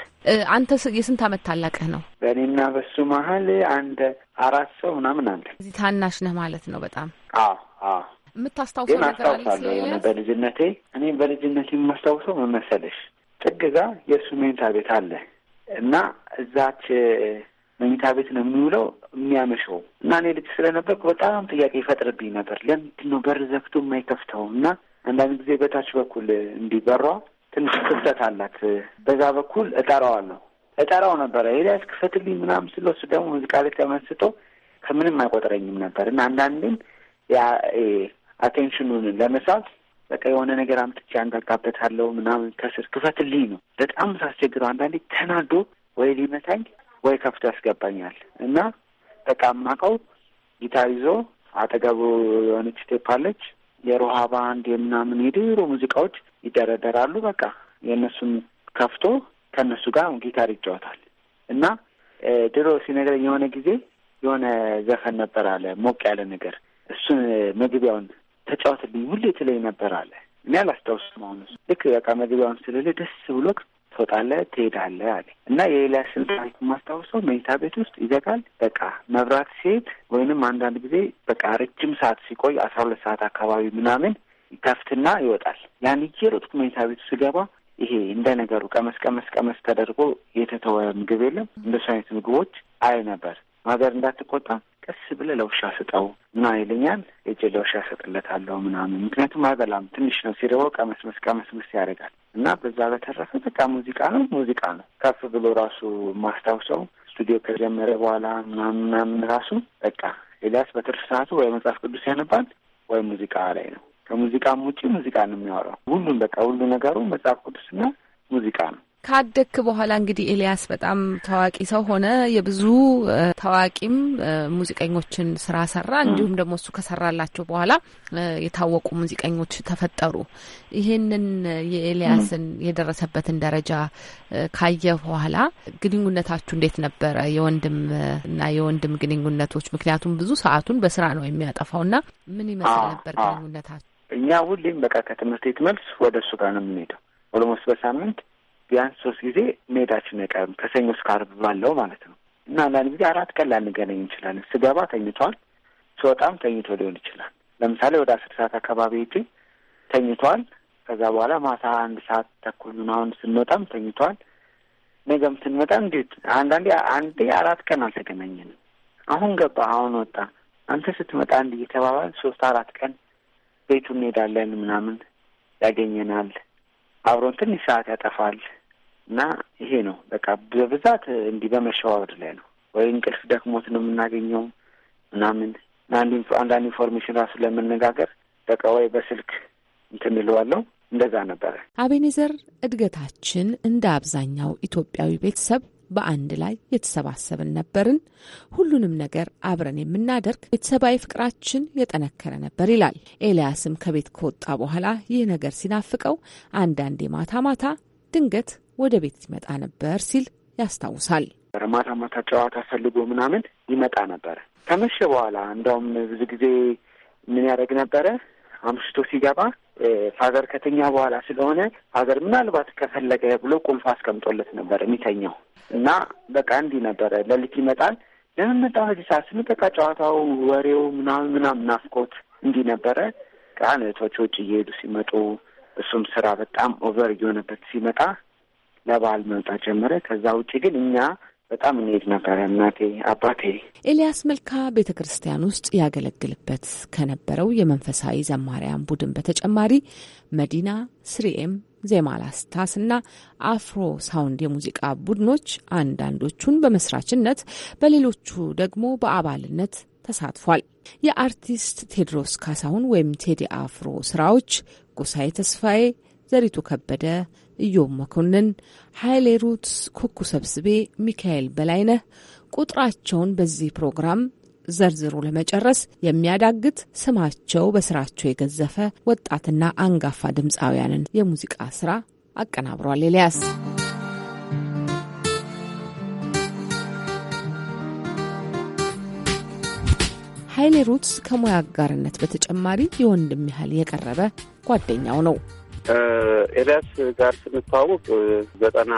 አንተ የስንት አመት ታላቅህ ነው? በእኔና በሱ መሀል አንድ አራት ሰው ምናምን አለ። እዚህ ታናሽ ነህ ማለት ነው። በጣም አዎ አዎ የምታስታውሰው ነገር አለ? በልጅነቴ እኔም በልጅነቴ የማስታውሰው ምን መሰለሽ ጥግጋ የእሱ መኝታ ቤት አለ እና እዛች መኝታ ቤት ነው የሚውለው የሚያመሸው። እና እኔ ልጅ ስለነበርኩ በጣም ጥያቄ ይፈጥርብኝ ነበር። ለምንድን ነው በር ዘግቶ የማይከፍተው? እና አንዳንድ ጊዜ በታች በኩል እንዲበሯ ትንሽ ክፍተት አላት። በዛ በኩል እጠራዋለሁ እጠራው ነበረ ኤልያስ ክፈትልኝ ምናምን ስለው እሱ ደግሞ ሙዚቃ ቤት ተመስጦ ከምንም አይቆጥረኝም ነበር እና አንዳንድም አቴንሽኑን ለመሳብ በቃ የሆነ ነገር አምጥቼ አንጋጋበታለሁ ምናምን ከስር ክፈትልኝ ነው። በጣም ሳስቸግረው አንዳንዴ ተናዶ ወይ ሊመታኝ ወይ ከፍቶ ያስገባኛል እና በቃ የማውቀው ጊታር ይዞ አጠገቡ የሆነች ቴፕ አለች የሮሃ ባንድ የምናምን የድሮ ሙዚቃዎች ይደረደራሉ። በቃ የእነሱን ከፍቶ ከእነሱ ጋር ጊታር ይጫወታል እና ድሮ ሲነግረኝ የሆነ ጊዜ የሆነ ዘፈን ነበር አለ ሞቅ ያለ ነገር እሱን መግቢያውን ተጫወትልኝ ሁሉ ትለኝ ነበር አለ። እኔ አላስታውስም። አሁን እሱ ልክ በቃ መግቢያውን ስለለ ደስ ብሎ ትወጣለህ ትሄዳለህ አለ እና የኤልያስን ታሪክ ማስታውሰው መኝታ ቤት ውስጥ ይዘጋል። በቃ መብራት ሲሄድ ወይንም አንዳንድ ጊዜ በቃ ረጅም ሰዓት ሲቆይ አስራ ሁለት ሰዓት አካባቢ ምናምን ከፍትና ይወጣል። ያን እየሮጥኩ መኝታ ቤቱ ስገባ ይሄ እንደ ነገሩ ቀመስ ቀመስ ቀመስ ተደርጎ የተተወ ምግብ የለም። እንደሱ አይነት ምግቦች አይ ነበር ማዘር እንዳትቆጣ ቀስ ብለህ ለውሻ ስጠው እና ይለኛል። እጅ ለውሻ እሰጥለታለሁ ምናምን። ምክንያቱም አይበላም፣ ትንሽ ነው ሲርበው ቀመስመስ ቀመስመስ ያደርጋል። እና በዛ በተረፈ በቃ ሙዚቃ ነው ሙዚቃ ነው። ከፍ ብሎ ራሱ ማስታውሰው ስቱዲዮ ከጀመረ በኋላ ምናምን ምናምን ራሱ በቃ ኤልያስ በትርፍ ሰዓቱ ወይ መጽሐፍ ቅዱስ ያነባል ወይ ሙዚቃ ላይ ነው። ከሙዚቃም ውጭ ሙዚቃ ነው የሚያወራው። ሁሉም በቃ ሁሉ ነገሩ መጽሐፍ ቅዱስና ሙዚቃ ነው። ካደክ በኋላ እንግዲህ ኤልያስ በጣም ታዋቂ ሰው ሆነ። የብዙ ታዋቂም ሙዚቀኞችን ስራ ሰራ። እንዲሁም ደግሞ እሱ ከሰራላቸው በኋላ የታወቁ ሙዚቀኞች ተፈጠሩ። ይህንን የኤልያስን የደረሰበትን ደረጃ ካየ በኋላ ግንኙነታችሁ እንዴት ነበረ? የወንድም እና የወንድም ግንኙነቶች፣ ምክንያቱም ብዙ ሰዓቱን በስራ ነው የሚያጠፋው እና ምን ይመስል ነበር ግንኙነታችሁ? እኛ ሁሌም በቃ ከትምህርት ቤት መልስ ወደ እሱ ጋር ነው የምንሄደው ኦሎሞስ በሳምንት ቢያንስ ሶስት ጊዜ መሄዳችን አይቀርም ከሰኞ እስከ ዓርብ ባለው ማለት ነው። እና አንዳንድ ጊዜ አራት ቀን ላንገናኝ እንችላለን። ስገባ ተኝቷል፣ ስወጣም ተኝቶ ሊሆን ይችላል። ለምሳሌ ወደ አስር ሰዓት አካባቢ ሄጂ ተኝቷል። ከዛ በኋላ ማታ አንድ ሰዓት ተኩል ምናምን ስንወጣም ተኝቷል። ነገም ስንመጣ እንዴት አንዳንዴ አንዴ አራት ቀን አልተገናኘንም። አሁን ገባ፣ አሁን ወጣ፣ አንተ ስትመጣ እንዲህ እየተባባል ሶስት አራት ቀን ቤቱ እንሄዳለን ምናምን ያገኘናል። አብሮን ትንሽ ሰዓት ያጠፋል። እና ይሄ ነው በቃ በብዛት እንዲህ በመሸዋወድ ላይ ነው ወይ እንቅልፍ ደክሞት ነው የምናገኘው ምናምን አንዳንድ ኢንፎርሜሽን ራሱ ለመነጋገር በቃ ወይ በስልክ እንትንለዋለው እንደዛ ነበረ። አቤኔዘር እድገታችን እንደ አብዛኛው ኢትዮጵያዊ ቤተሰብ በአንድ ላይ የተሰባሰብን ነበርን። ሁሉንም ነገር አብረን የምናደርግ ቤተሰባዊ ፍቅራችን የጠነከረ ነበር ይላል። ኤልያስም ከቤት ከወጣ በኋላ ይህ ነገር ሲናፍቀው አንዳንዴ ማታ ማታ ድንገት ወደ ቤት ይመጣ ነበር ሲል ያስታውሳል። ማታ ማታ ጨዋታ ፈልጎ ምናምን ይመጣ ነበረ። ከመሸ በኋላ እንደውም ብዙ ጊዜ ምን ያደርግ ነበረ አምሽቶ ሲገባ ፋዘር ከተኛ በኋላ ስለሆነ ፋዘር ምናልባት ከፈለገ ብሎ ቁልፍ አስቀምጦለት ነበር የሚተኛው እና በቃ እንዲህ ነበረ። ሌሊት ይመጣል። ለምን መጣ በዚህ ሰዓት ስንል በቃ ጨዋታው፣ ወሬው ምናምን ምናምን ናፍቆት እንዲህ ነበረ። ከአነቶች ውጭ እየሄዱ ሲመጡ እሱም ስራ በጣም ኦቨር እየሆነበት ሲመጣ ለበዓል መውጣት ጀመረ። ከዛ ውጭ ግን እኛ በጣም እንሄድ ነበረ። እናቴ አባቴ። ኤልያስ መልካ ቤተ ክርስቲያን ውስጥ ያገለግልበት ከነበረው የመንፈሳዊ ዘማሪያን ቡድን በተጨማሪ መዲና ስሪኤም፣ ዜማ ላስታስ እና አፍሮ ሳውንድ የሙዚቃ ቡድኖች አንዳንዶቹን በመስራችነት በሌሎቹ ደግሞ በአባልነት ተሳትፏል። የአርቲስት ቴድሮስ ካሳሁን ወይም ቴዲ አፍሮ ስራዎች ጎሳዬ ተስፋዬ ዘሪቱ ከበደ፣ እዮም መኮንን፣ ኃይሌ ሩትስ፣ ኩኩ ሰብስቤ፣ ሚካኤል በላይነህ ቁጥራቸውን በዚህ ፕሮግራም ዘርዝሮ ለመጨረስ የሚያዳግት ስማቸው በስራቸው የገዘፈ ወጣትና አንጋፋ ድምፃውያንን የሙዚቃ ስራ አቀናብሯል ኤልያስ። ኃይሌ ሩትስ ከሙያ አጋርነት በተጨማሪ የወንድም ያህል የቀረበ ጓደኛው ነው። ኤልያስ ጋር ስንተዋወቅ ዘጠና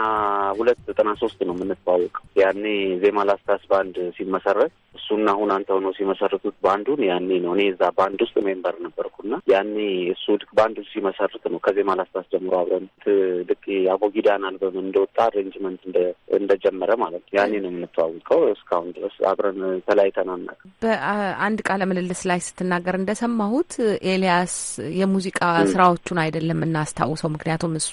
ሁለት ዘጠና ሶስት ነው የምንተዋወቀው። ያኔ ዜማ ላስታስ ባንድ ሲመሰረት እሱና አሁን አንተ ሆኖ ሲመሰርቱት ባንዱን ያኔ ነው። እኔ እዛ ባንድ ውስጥ ሜምበር ነበርኩና ያኔ እሱ ልክ ባንዱን ሲመሰርት ነው ከዜማ ላስታስ ጀምሮ አብረን ልክ አቦጊዳን አልበም እንደወጣ አሬንጅመንት እንደጀመረ ማለት ነው። ያኔ ነው የምንተዋወቀው። እስካሁን ድረስ አብረን ተለያይተናና በአንድ ቃለ ምልልስ ላይ ስትናገር እንደሰማሁት ኤልያስ የሙዚቃ ስራዎቹን አይደለም የምናስታውሰው። ምክንያቱም እሱ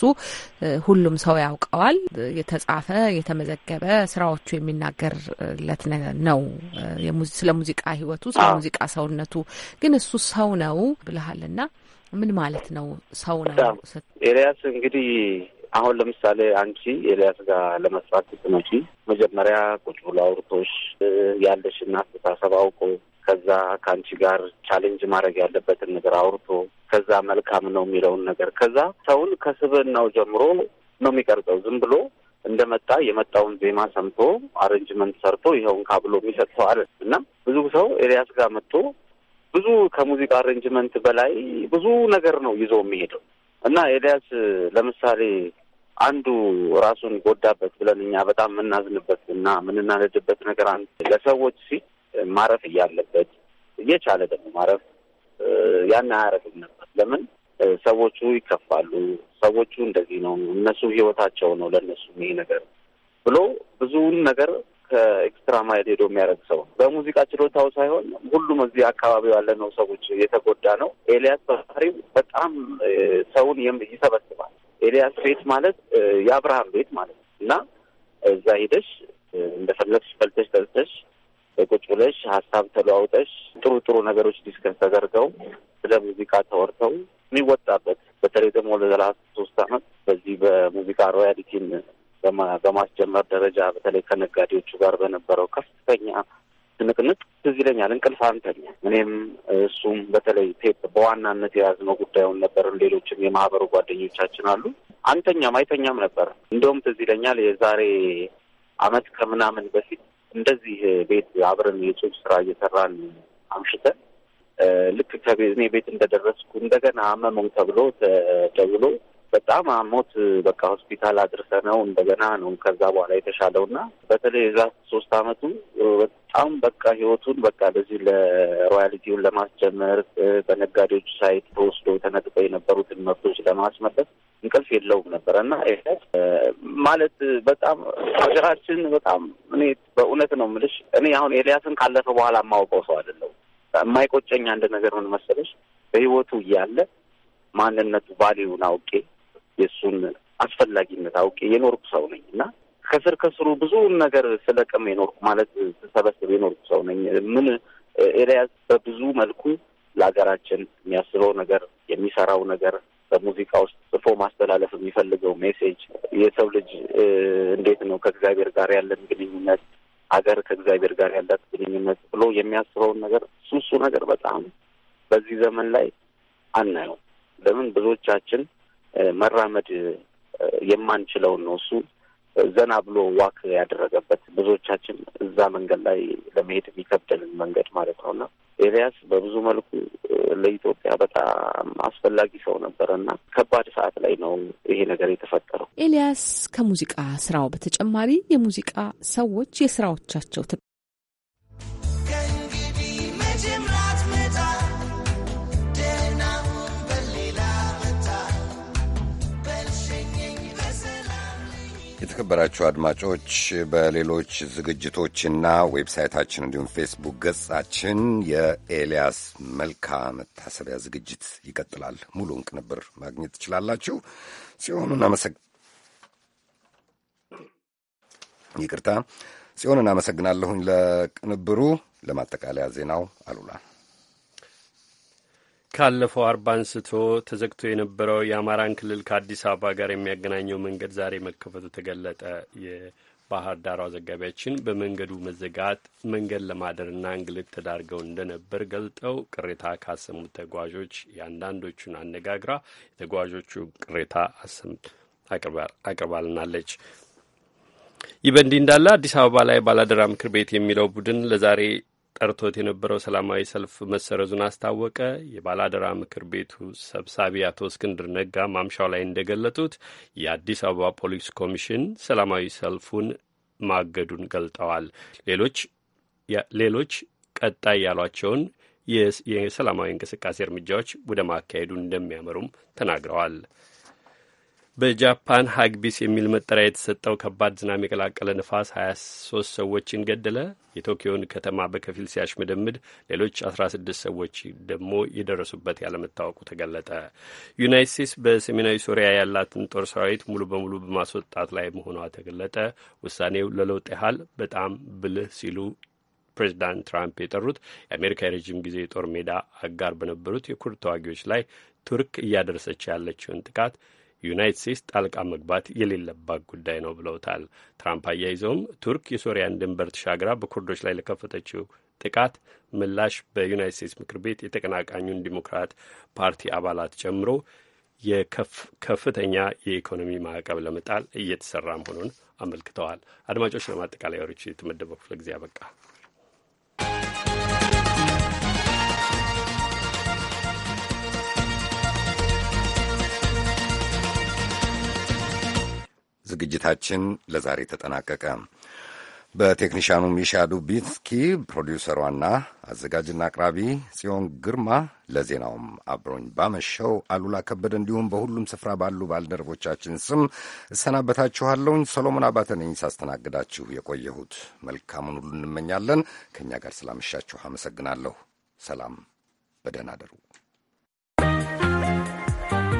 ሁሉም ሰው ያውቀዋል። የተጻፈ የተመዘገበ ስራዎቹ የሚናገርለት ነው። ስለ ሙዚቃ ህይወቱ፣ ስለ ሙዚቃ ሰውነቱ ግን እሱ ሰው ነው ብልሃልና ምን ማለት ነው ሰው ነው? ኤልያስ እንግዲህ አሁን ለምሳሌ አንቺ ኤልያስ ጋር ለመስራት ስትመጪ መጀመሪያ ቁጭ ብሎ አውርቶሽ ያለሽን አስተሳሰብ አውቆ ከዛ ከአንቺ ጋር ቻሌንጅ ማድረግ ያለበትን ነገር አውርቶ ከዛ መልካም ነው የሚለውን ነገር ከዛ ሰውን ከስብዕናው ጀምሮ ነው የሚቀርጸው። ዝም ብሎ እንደመጣ የመጣውን ዜማ ሰምቶ አሬንጅመንት ሰርቶ ይኸውን ካብሎ የሚሰጥ ሰው አለ እና ብዙ ሰው ኤልያስ ጋር መጥቶ ብዙ ከሙዚቃ አሬንጅመንት በላይ ብዙ ነገር ነው ይዞ የሚሄደው እና ኤልያስ ለምሳሌ አንዱ ራሱን ጎዳበት ብለን እኛ በጣም የምናዝንበት እና የምንናደድበት ነገር አንድ ለሰዎች ሲል ማረፍ እያለበት እየቻለ ደግሞ ማረፍ ያን አያረግም ነበር። ለምን ሰዎቹ ይከፋሉ፣ ሰዎቹ እንደዚህ ነው፣ እነሱ ህይወታቸው ነው፣ ለእነሱ ይሄ ነገር ብሎ ብዙውን ነገር ከኤክስትራ ማይል ሄዶ የሚያደርግ ሰው ነው። በሙዚቃ ችሎታው ሳይሆን ሁሉም እዚህ አካባቢ ያለ ነው ሰዎች የተጎዳ ነው። ኤልያስ በባህሪው በጣም ሰውን ይሰበስባል። ኤልያስ ቤት ማለት የአብርሃም ቤት ማለት ነው እና እዛ ሄደሽ እንደፈለግሽ በልተሽ ጠጥተሽ ቁጭ ብለሽ ሀሳብ ተለዋውጠሽ ጥሩ ጥሩ ነገሮች ዲስከስ ተደርገው ስለ ሙዚቃ ተወርተው የሚወጣበት በተለይ ደግሞ ለዘላት ሶስት አመት በዚህ በሙዚቃ ሮያሊቲን በማስጀመር ደረጃ በተለይ ከነጋዴዎቹ ጋር በነበረው ከፍተኛ ትንቅንቅ ትዝ ይለኛል። እንቅልፍ አንተኛ እኔም እሱም በተለይ ቴፕ በዋናነት የያዝነው ጉዳዩን ነበር። ሌሎችም የማህበሩ ጓደኞቻችን አሉ። አንተኛም አይተኛም ነበር። እንደውም ትዝ ይለኛል የዛሬ አመት ከምናምን በፊት እንደዚህ ቤት አብረን የጽሁፍ ስራ እየሰራን አምሽተን ልክ ከእኔ ቤት እንደደረስኩ እንደገና አመመው ተብሎ ተደውሎ በጣም አሞት በቃ ሆስፒታል አድርሰ ነው እንደገና ነው ከዛ በኋላ የተሻለው እና በተለይ የዛ ሶስት አመቱ በጣም በቃ ህይወቱን በቃ ለዚህ ለሮያልቲውን ለማስጀመር በነጋዴዎች ሳይት ተወስዶ ተነጥቆ የነበሩትን መብቶች ለማስመለስ እንቅልፍ የለውም ነበረ እና ማለት በጣም ሀገራችን በጣም እኔ በእውነት ነው ምልሽ እኔ አሁን ኤልያስን ካለፈ በኋላ የማውቀው ሰው አይደለው የማይቆጨኝ አንድ ነገር ምን መሰለሽ በህይወቱ እያለ ማንነቱ ቫሊዩን አውቄ የእሱን አስፈላጊነት አውቄ የኖርኩ ሰው ነኝ እና ከስር ከስሩ ብዙ ነገር ስለቅም የኖርኩ ማለት ስሰበስብ የኖርኩ ሰው ነኝ። ምን ኤልያስ በብዙ መልኩ ለሀገራችን የሚያስበው ነገር የሚሰራው ነገር በሙዚቃ ውስጥ ጽፎ ማስተላለፍ የሚፈልገው ሜሴጅ የሰው ልጅ እንዴት ነው ከእግዚአብሔር ጋር ያለን ግንኙነት፣ ሀገር ከእግዚአብሔር ጋር ያላት ግንኙነት ብሎ የሚያስበውን ነገር እሱ እሱ ነገር በጣም በዚህ ዘመን ላይ አናየው። ለምን ብዙዎቻችን መራመድ የማንችለውን ነው። እሱ ዘና ብሎ ዋክ ያደረገበት ብዙዎቻችን እዛ መንገድ ላይ ለመሄድ የሚከብደልን መንገድ ማለት ነው እና ኤልያስ በብዙ መልኩ ለኢትዮጵያ በጣም አስፈላጊ ሰው ነበረ እና ከባድ ሰዓት ላይ ነው ይሄ ነገር የተፈጠረው። ኤልያስ ከሙዚቃ ስራው በተጨማሪ የሙዚቃ ሰዎች የስራዎቻቸው የተከበራችሁ አድማጮች በሌሎች ዝግጅቶችና ዌብሳይታችን እንዲሁም ፌስቡክ ገጻችን የኤልያስ መልካ መታሰቢያ ዝግጅት ይቀጥላል። ሙሉውን ቅንብር ማግኘት ትችላላችሁ። ጽዮን እናመሰግ ይቅርታ ጽዮን እናመሰግናለሁኝ ለቅንብሩ። ለማጠቃለያ ዜናው አሉላ ካለፈው አርባ አንስቶ ተዘግቶ የነበረው የአማራን ክልል ከአዲስ አበባ ጋር የሚያገናኘው መንገድ ዛሬ መከፈቱ ተገለጠ። የባህር ዳሯ ዘጋቢያችን በመንገዱ መዘጋት መንገድ ለማደርና እንግልት ተዳርገው እንደነበር ገልጠው ቅሬታ ካሰሙት ተጓዦች የአንዳንዶቹን አነጋግራ የተጓዦቹ ቅሬታ አቅርባልናለች። ይህ በእንዲህ እንዳለ አዲስ አበባ ላይ ባላደራ ምክር ቤት የሚለው ቡድን ለዛሬ ጠርቶት የነበረው ሰላማዊ ሰልፍ መሰረዙን አስታወቀ። የባላደራ ምክር ቤቱ ሰብሳቢ አቶ እስክንድር ነጋ ማምሻው ላይ እንደገለጡት የአዲስ አበባ ፖሊስ ኮሚሽን ሰላማዊ ሰልፉን ማገዱን ገልጠዋል። ሌሎች ሌሎች ቀጣይ ያሏቸውን የሰላማዊ እንቅስቃሴ እርምጃዎች ወደ ማካሄዱ እንደሚያመሩም ተናግረዋል። በጃፓን ሀግቢስ የሚል መጠሪያ የተሰጠው ከባድ ዝናብ የቀላቀለ ንፋስ 23 ሰዎችን ገደለ። የቶኪዮን ከተማ በከፊል ሲያሽመደምድ ሌሎች 16 ሰዎች ደግሞ የደረሱበት ያለመታወቁ ተገለጠ። ዩናይት ስቴትስ በሰሜናዊ ሶሪያ ያላትን ጦር ሰራዊት ሙሉ በሙሉ በማስወጣት ላይ መሆኗ ተገለጠ። ውሳኔው ለለውጥ ያህል በጣም ብልህ ሲሉ ፕሬዚዳንት ትራምፕ የጠሩት የአሜሪካ የረዥም ጊዜ የጦር ሜዳ አጋር በነበሩት የኩርድ ተዋጊዎች ላይ ቱርክ እያደረሰች ያለችውን ጥቃት ዩናይት ስቴትስ ጣልቃ መግባት የሌለባት ጉዳይ ነው ብለውታል። ትራምፕ አያይዘውም ቱርክ የሶሪያን ድንበር ተሻግራ በኩርዶች ላይ ለከፈተችው ጥቃት ምላሽ በዩናይት ስቴትስ ምክር ቤት የተቀናቃኙን ዲሞክራት ፓርቲ አባላት ጨምሮ የከፍተኛ የኢኮኖሚ ማዕቀብ ለመጣል እየተሰራ መሆኑን አመልክተዋል። አድማጮች፣ ለማጠቃለያ ሪች የተመደበው ክፍለ ጊዜ አበቃ። ዝግጅታችን ለዛሬ ተጠናቀቀ። በቴክኒሻኑ ሚሻ ዱቢንስኪ፣ ፕሮዲውሰሯና አዘጋጅና አቅራቢ ጽዮን ግርማ፣ ለዜናውም አብሮኝ ባመሸው አሉላ ከበደ እንዲሁም በሁሉም ስፍራ ባሉ ባልደረቦቻችን ስም እሰናበታችኋለሁኝ። ሰሎሞን አባተ ነኝ ሳስተናግዳችሁ የቆየሁት። መልካሙን ሁሉ እንመኛለን። ከእኛ ጋር ስላመሻችሁ አመሰግናለሁ። ሰላም፣ በደህና አደሩ።